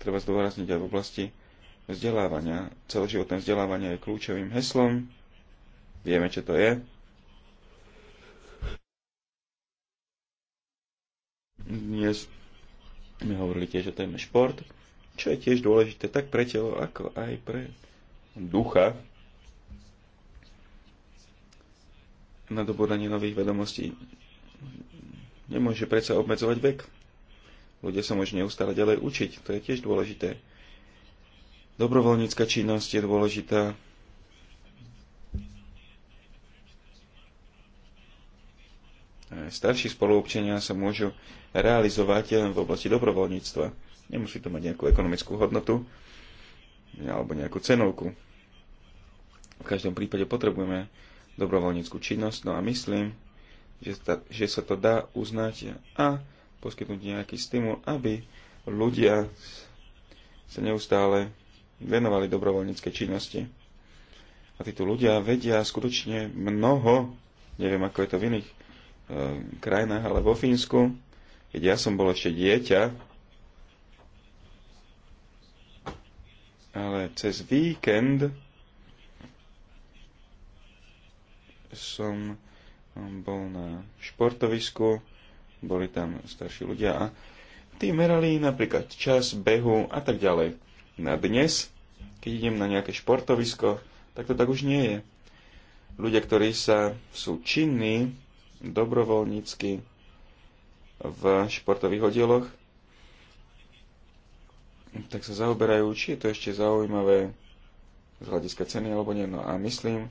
treba zdôrazniť aj v oblasti vzdelávania. Celoživotné vzdelávanie je kľúčovým heslom. Vieme, čo to je. Dnes sme hovorili tiež o téme šport, čo je tiež dôležité tak pre telo, ako aj pre ducha. dobodanie nových vedomostí nemôže predsa obmedzovať vek. Ľudia sa môžu neustále ďalej učiť, to je tiež dôležité. Dobrovoľnícka činnosť je dôležitá, E, starší spoluobčania sa môžu realizovať len v oblasti dobrovoľníctva. Nemusí to mať nejakú ekonomickú hodnotu e, alebo nejakú cenovku. V každom prípade potrebujeme dobrovoľníckú činnosť, no a myslím, že, ta, že sa to dá uznať a poskytnúť nejaký stimul, aby ľudia sa neustále venovali dobrovoľníckej činnosti. A títo ľudia vedia skutočne mnoho, neviem ako je to v iných E, krajinách, ale vo Fínsku, keď ja som bol ešte dieťa, ale cez víkend som um, bol na športovisku, boli tam starší ľudia a tí merali napríklad čas, behu a tak ďalej. Na dnes, keď idem na nejaké športovisko, tak to tak už nie je. Ľudia, ktorí sa sú činní, dobrovoľnícky v športových oddieloch, tak sa zaoberajú, či je to ešte zaujímavé z hľadiska ceny alebo nie. No a myslím,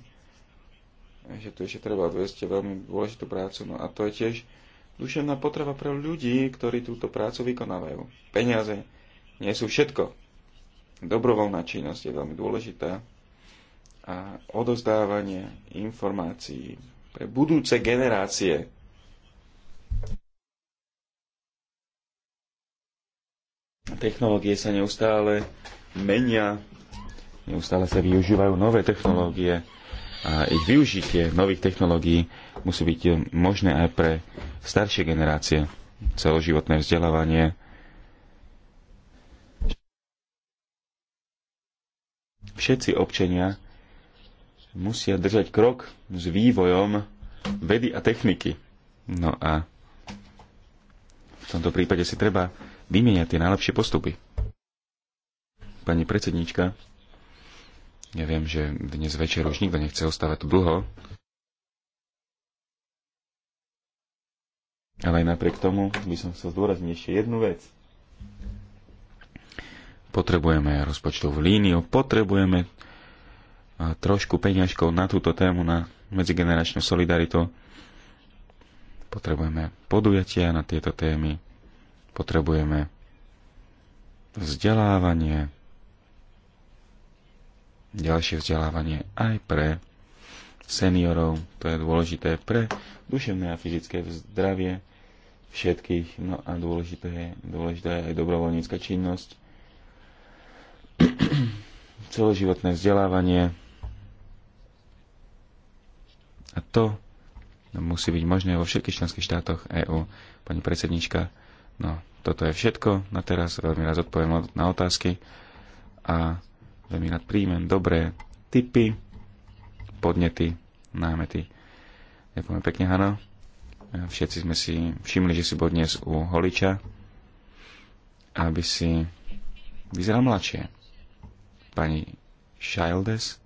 že tu ešte treba odviesť veľmi dôležitú prácu. No a to je tiež duševná potreba pre ľudí, ktorí túto prácu vykonávajú. Peniaze nie sú všetko. Dobrovoľná činnosť je veľmi dôležitá a odozdávanie informácií, pre budúce generácie. Technológie sa neustále menia, neustále sa využívajú nové technológie a ich využitie nových technológií musí byť možné aj pre staršie generácie. Celoživotné vzdelávanie, všetci občania musia držať krok s vývojom vedy a techniky. No a v tomto prípade si treba vymieňať tie najlepšie postupy. Pani predsednička, ja viem, že dnes večer už nikto nechce ostávať tu dlho, ale aj napriek tomu by som chcel zdôrazniť ešte jednu vec. Potrebujeme rozpočtovú líniu, potrebujeme trošku peňažkov na túto tému, na medzigeneračnú solidaritu. Potrebujeme podujatia na tieto témy, potrebujeme vzdelávanie, ďalšie vzdelávanie aj pre seniorov, to je dôležité pre duševné a fyzické zdravie všetkých, no a dôležité je, dôležité je aj dobrovoľnícka činnosť, celoživotné vzdelávanie, a to musí byť možné vo všetkých členských štátoch EÚ. Pani predsednička, no toto je všetko na teraz. Veľmi rád odpoviem na otázky a veľmi rád príjmem dobré tipy, podnety, námety. Ďakujem pekne, Hano. Všetci sme si všimli, že si bol dnes u holiča, aby si vyzeral mladšie. Pani Childes,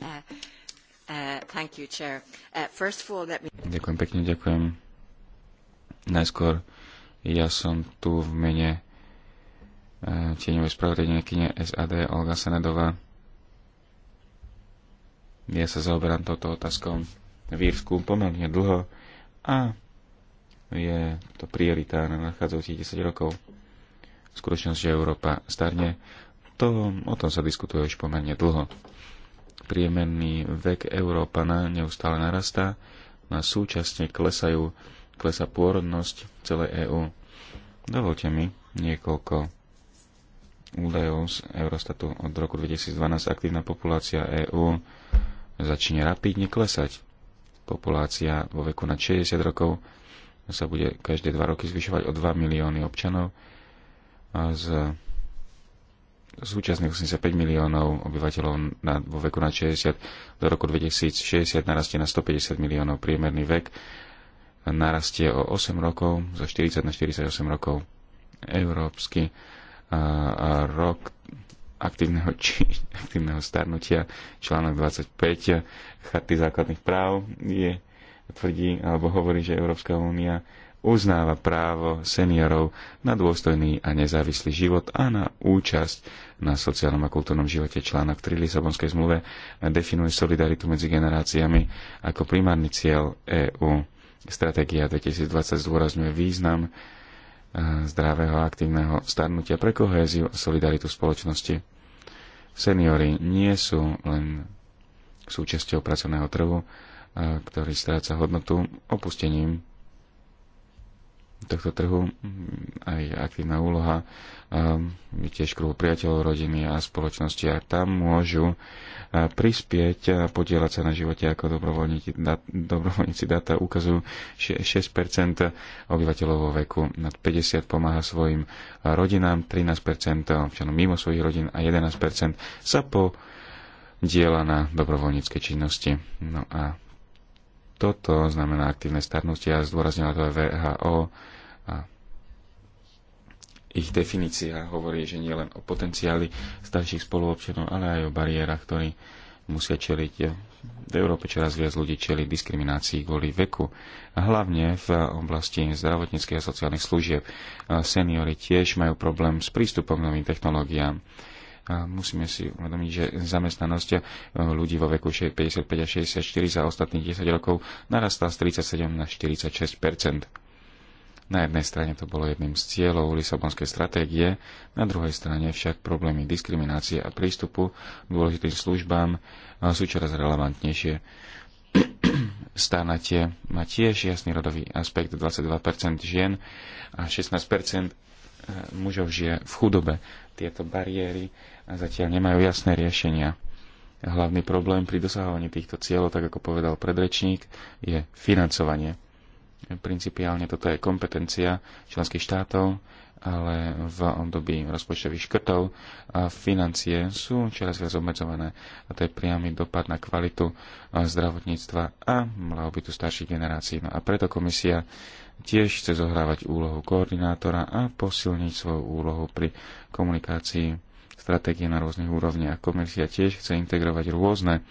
Uh, uh, uh, ďakujem pekne, ďakujem. Najskôr ja som tu v mene tieňovej kine SAD Olga Senedová. Ja sa zaoberám touto otázkou v Írsku pomerne dlho a je to priorita na nadchádzajúcich 10 rokov. Skutočnosť, že Európa starne, to, o tom sa diskutuje už pomerne dlho. Priemerný vek Európana neustále narastá no a súčasne klesajú, klesa pôrodnosť celej EÚ. Dovolte mi niekoľko údajov z Eurostatu od roku 2012 aktívna populácia EÚ začne rapidne klesať. Populácia vo veku na 60 rokov sa bude každé 2 roky zvyšovať o 2 milióny občanov a z súčasných 85 miliónov obyvateľov na, vo veku na 60 do roku 2060 narastie na 150 miliónov. Priemerný vek narastie o 8 rokov, zo 40 na 48 rokov. Európsky a, a rok aktívneho, či, aktívneho starnutia, článok 25 Charty základných práv je, tvrdí alebo hovorí, že Európska únia uznáva právo seniorov na dôstojný a nezávislý život a na účasť na sociálnom a kultúrnom živote. Článok 3 Lisabonskej zmluve definuje solidaritu medzi generáciami ako primárny cieľ EÚ. Stratégia 2020 zdôrazňuje význam e, zdravého a aktívneho starnutia pre kohéziu a solidaritu spoločnosti. Seniory nie sú len súčasťou pracovného trhu, e, ktorý stráca hodnotu opustením tohto trhu aj aktívna úloha ehm, je tiež kruhu priateľov, rodiny a spoločnosti a tam môžu e, prispieť a podielať sa na živote ako dobrovoľníci. Dat, dobrovoľníci data ukazujú 6% obyvateľov vo veku. Nad 50 pomáha svojim rodinám, 13% občanom mimo svojich rodín a 11% sa po diela na dobrovoľníckej činnosti. No a toto znamená aktívne starnutie a zdôraznila to aj VHO. A ich definícia hovorí, že nie len o potenciáli starších spoluobčanov, ale aj o bariérach, ktorí musia čeliť. V Európe čoraz viac ľudí čeli diskriminácii kvôli veku, A hlavne v oblasti zdravotníckých a sociálnych služieb. Seniory tiež majú problém s prístupom k novým technológiám musíme si uvedomiť, že zamestnanosť eh, ľudí vo veku 55 a 64 za ostatných 10 rokov narastla z 37 na 46 na jednej strane to bolo jedným z cieľov Lisabonskej stratégie, na druhej strane však problémy diskriminácie a prístupu k dôležitým službám eh, sú čoraz relevantnejšie. Stánatie má tiež jasný rodový aspekt 22% žien a 16% eh, mužov žije v chudobe. Tieto bariéry zatiaľ nemajú jasné riešenia. Hlavný problém pri dosahovaní týchto cieľov, tak ako povedal predrečník, je financovanie. Principiálne toto je kompetencia členských štátov, ale v období rozpočtových škrtov a financie sú čoraz viac obmedzované. A to je priamy dopad na kvalitu zdravotníctva a tu starších generácií. No a preto komisia tiež chce zohrávať úlohu koordinátora a posilniť svoju úlohu pri komunikácii stratégie na rôznych úrovniach. Komisia tiež chce integrovať rôzne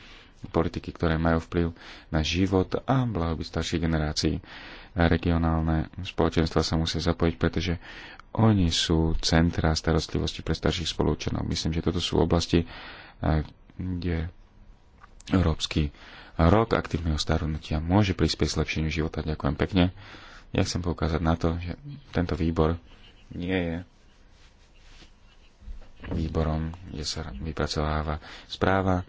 politiky, ktoré majú vplyv na život a blahobyt starších generácií. Regionálne spoločenstva sa musia zapojiť, pretože oni sú centra starostlivosti pre starších spolúčanov. Myslím, že toto sú oblasti, kde Európsky rok aktívneho starnutia môže prispieť k zlepšeniu života. Ďakujem pekne. Ja chcem poukázať na to, že tento výbor nie je výborom, kde sa vypracováva správa. E,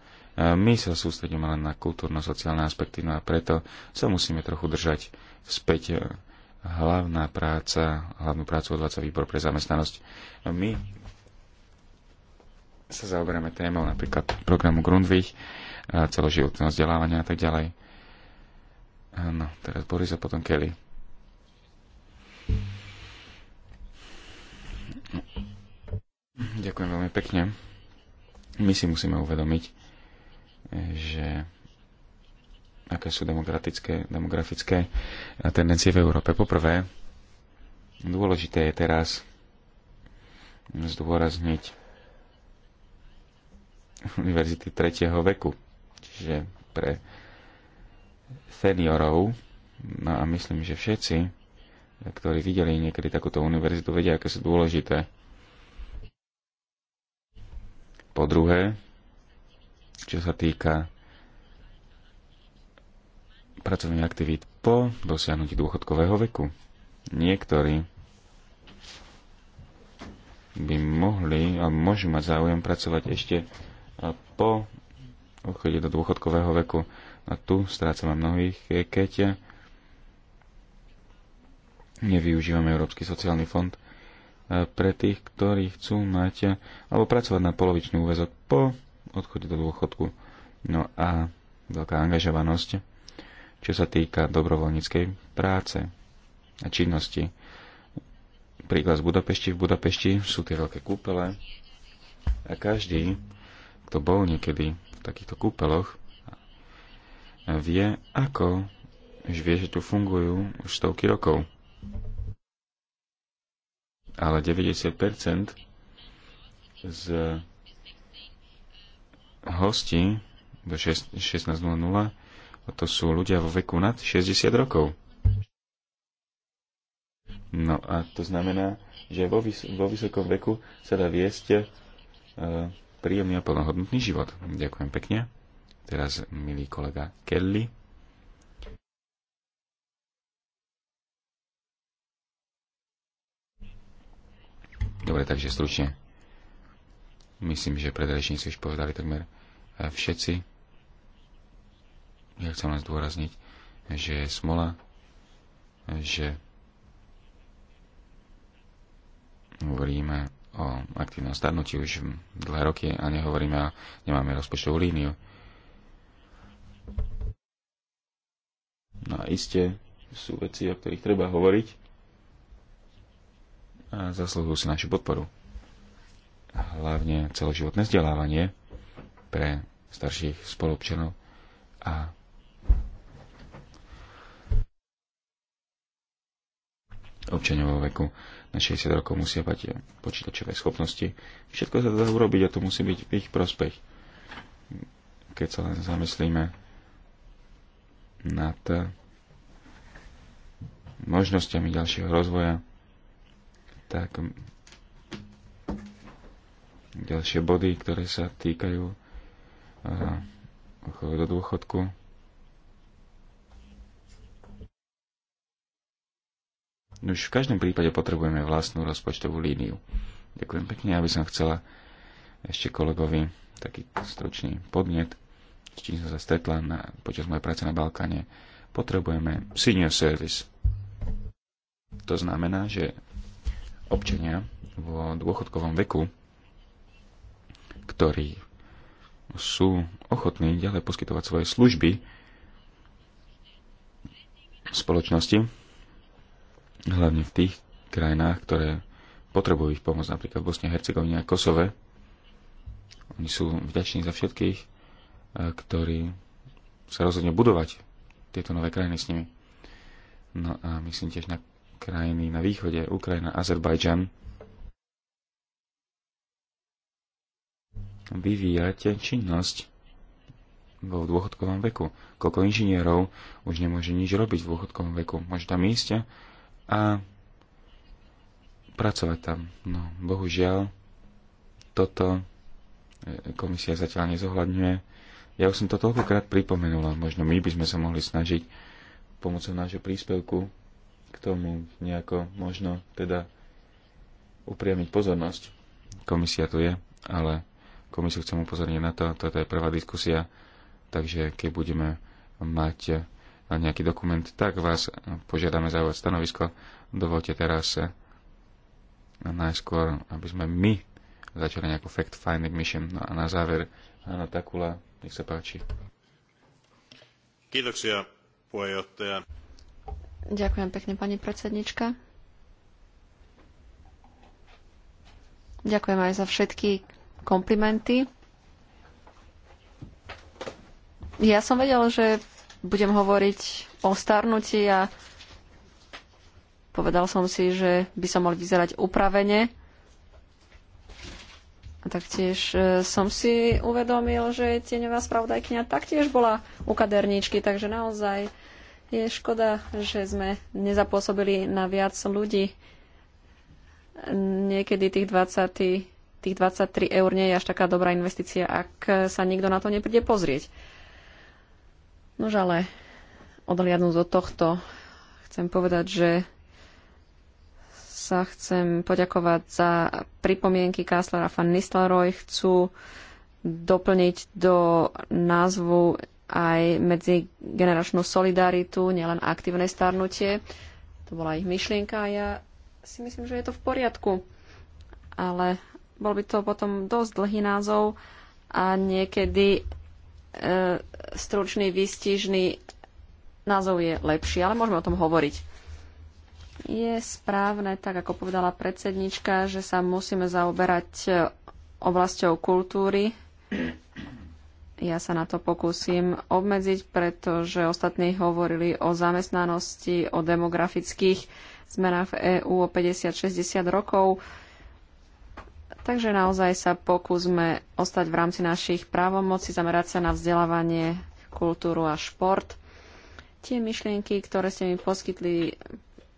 my sa sústredíme len na kultúrno-sociálne aspekty, no a preto sa musíme trochu držať späť e, hlavná práca, hlavnú prácu odvádza výbor pre zamestnanosť. E, my sa zaoberáme témou napríklad programu Grundvich, celoživotného vzdelávania a tak ďalej. No, teraz Boris a potom Kelly. Ďakujem veľmi pekne. My si musíme uvedomiť, že aké sú demokratické, demografické tendencie v Európe. Poprvé, dôležité je teraz zdôrazniť univerzity tretieho veku, čiže pre seniorov. No a myslím, že všetci, ktorí videli niekedy takúto univerzitu, vedia, aké sú dôležité po druhé, čo sa týka pracovných aktivít po dosiahnutí dôchodkového veku. Niektorí by mohli a môžu mať záujem pracovať ešte po odchode do dôchodkového veku. A tu strácame mnohých, keď nevyužívame Európsky sociálny fond pre tých, ktorí chcú mať eh, alebo pracovať na polovičný úvezok po odchode do dôchodku. No a veľká angažovanosť, čo sa týka dobrovoľníckej práce a činnosti. Príklad z Budapešti. V Budapešti sú tie veľké kúpele a každý, kto bol niekedy v takýchto kúpeloch, vie, ako už vie, že tu fungujú už stovky rokov ale 90% z hostí do 16.00 to sú ľudia vo veku nad 60 rokov. No a to znamená, že vo, vys- vo vysokom veku sa dá viesť e, príjemný a plnohodnotný život. Ďakujem pekne. Teraz milý kolega Kelly. Dobre, takže stručne. Myslím, že predrečníci už povedali takmer e, všetci. Ja chcem len zdôrazniť, že je smola, že hovoríme o aktívnom starnutí už dlhé roky a nehovoríme a nemáme rozpočtovú líniu. No a iste sú veci, o ktorých treba hovoriť a zaslúhujú si našu podporu. Hlavne celoživotné vzdelávanie pre starších spolupčanov a občanov vo veku na 60 rokov musia mať počítačové schopnosti. Všetko sa dá urobiť a to musí byť v ich prospech. Keď sa len zamyslíme nad možnosťami ďalšieho rozvoja tak ďalšie body, ktoré sa týkajú ochovy do dôchodku. No už v každom prípade potrebujeme vlastnú rozpočtovú líniu. Ďakujem pekne, aby som chcela ešte kolegovi taký stručný podnet, s čím som sa stretla na, počas mojej práce na Balkáne. Potrebujeme senior service. To znamená, že občania vo dôchodkovom veku, ktorí sú ochotní ďalej poskytovať svoje služby spoločnosti, hlavne v tých krajinách, ktoré potrebujú ich pomoc, napríklad v Bosne, Hercegovine a Kosove. Oni sú vďační za všetkých, eh, ktorí sa rozhodne budovať tieto nové krajiny s nimi. No a myslím tiež na krajiny na východe, Ukrajina, Azerbajdžan, vyvíjať činnosť vo dôchodkovom veku. Koľko inžinierov už nemôže nič robiť v dôchodkovom veku. Môže tam ísť a pracovať tam. No, bohužiaľ, toto e, komisia zatiaľ nezohľadňuje. Ja už som to toľkokrát pripomenul, Možno my by sme sa mohli snažiť pomocou nášho príspevku k tomu nejako možno teda upriamiť pozornosť. Komisia tu je, ale komisiu chcem upozorniť na to, toto je prvá diskusia, takže keď budeme mať nejaký dokument, tak vás požiadame zaujať stanovisko. Dovolte teraz najskôr, aby sme my začali nejakú fact-finding mission. No a na záver, Anna Takula, nech sa páči. Kiitoksia, puheenjohtaja. Ďakujem pekne, pani predsednička. Ďakujem aj za všetky komplimenty. Ja som vedela, že budem hovoriť o starnutí a povedal som si, že by som mal vyzerať upravene. A taktiež e, som si uvedomil, že tieňová spravodajkňa taktiež bola u kaderníčky, takže naozaj je škoda, že sme nezapôsobili na viac ľudí. Niekedy tých 20, tých 23 eur nie je až taká dobrá investícia, ak sa nikto na to nepríde pozrieť. Nož ale odhliadnúť od tohto, chcem povedať, že sa chcem poďakovať za pripomienky Kásler a Fan Nistelrooy. Chcú doplniť do názvu aj medzigeneračnú solidaritu, nielen aktívne starnutie. To bola ich myšlienka a ja si myslím, že je to v poriadku. Ale bol by to potom dosť dlhý názov a niekedy e, stručný, výstižný názov je lepší, ale môžeme o tom hovoriť. Je správne, tak ako povedala predsednička, že sa musíme zaoberať e, oblasťou kultúry ja sa na to pokúsim obmedziť, pretože ostatní hovorili o zamestnanosti, o demografických zmenách v EÚ o 50-60 rokov. Takže naozaj sa pokúsme ostať v rámci našich právomocí, zamerať sa na vzdelávanie, kultúru a šport. Tie myšlienky, ktoré ste mi poskytli,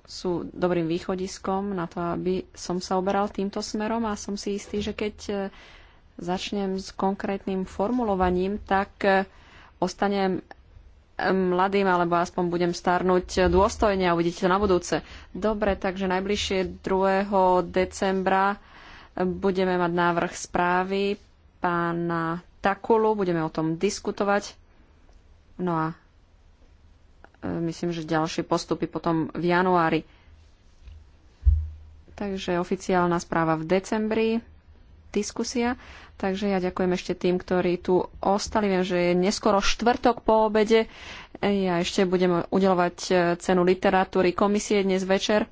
sú dobrým východiskom na to, aby som sa oberal týmto smerom a som si istý, že keď začnem s konkrétnym formulovaním, tak e, ostanem mladým, alebo aspoň budem starnúť dôstojne a uvidíte to na budúce. Dobre, takže najbližšie 2. decembra e, budeme mať návrh správy pána Takulu, budeme o tom diskutovať. No a e, myslím, že ďalšie postupy potom v januári. Takže oficiálna správa v decembri diskusia. Takže ja ďakujem ešte tým, ktorí tu ostali. Viem, že je neskoro štvrtok po obede. Ja ešte budem udelovať e, cenu literatúry komisie dnes večer.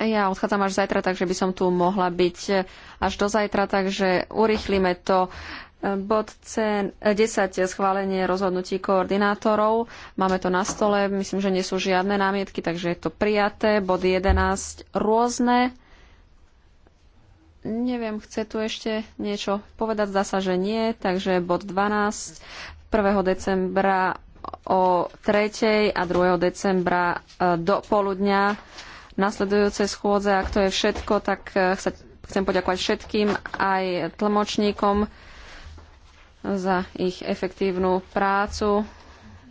Ja odchádzam až zajtra, takže by som tu mohla byť e, až do zajtra, takže urychlíme to. E, Bod C10, schválenie rozhodnutí koordinátorov. Máme to na stole, myslím, že nie sú žiadne námietky, takže je to prijaté. Bod 11, rôzne. Neviem, chce tu ešte niečo povedať? Zdá sa, že nie. Takže bod 12 1. decembra o 3. a 2. decembra e, do poludňa nasledujúce schôdze. Ak to je všetko, tak e, chcem poďakovať všetkým aj tlmočníkom za ich efektívnu prácu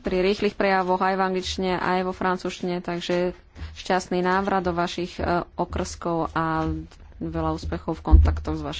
pri rýchlych prejavoch aj v angličtine, aj vo francúzštine. Takže šťastný návrat do vašich e, okrskov a veľa úspechov v kontaktoch s vašim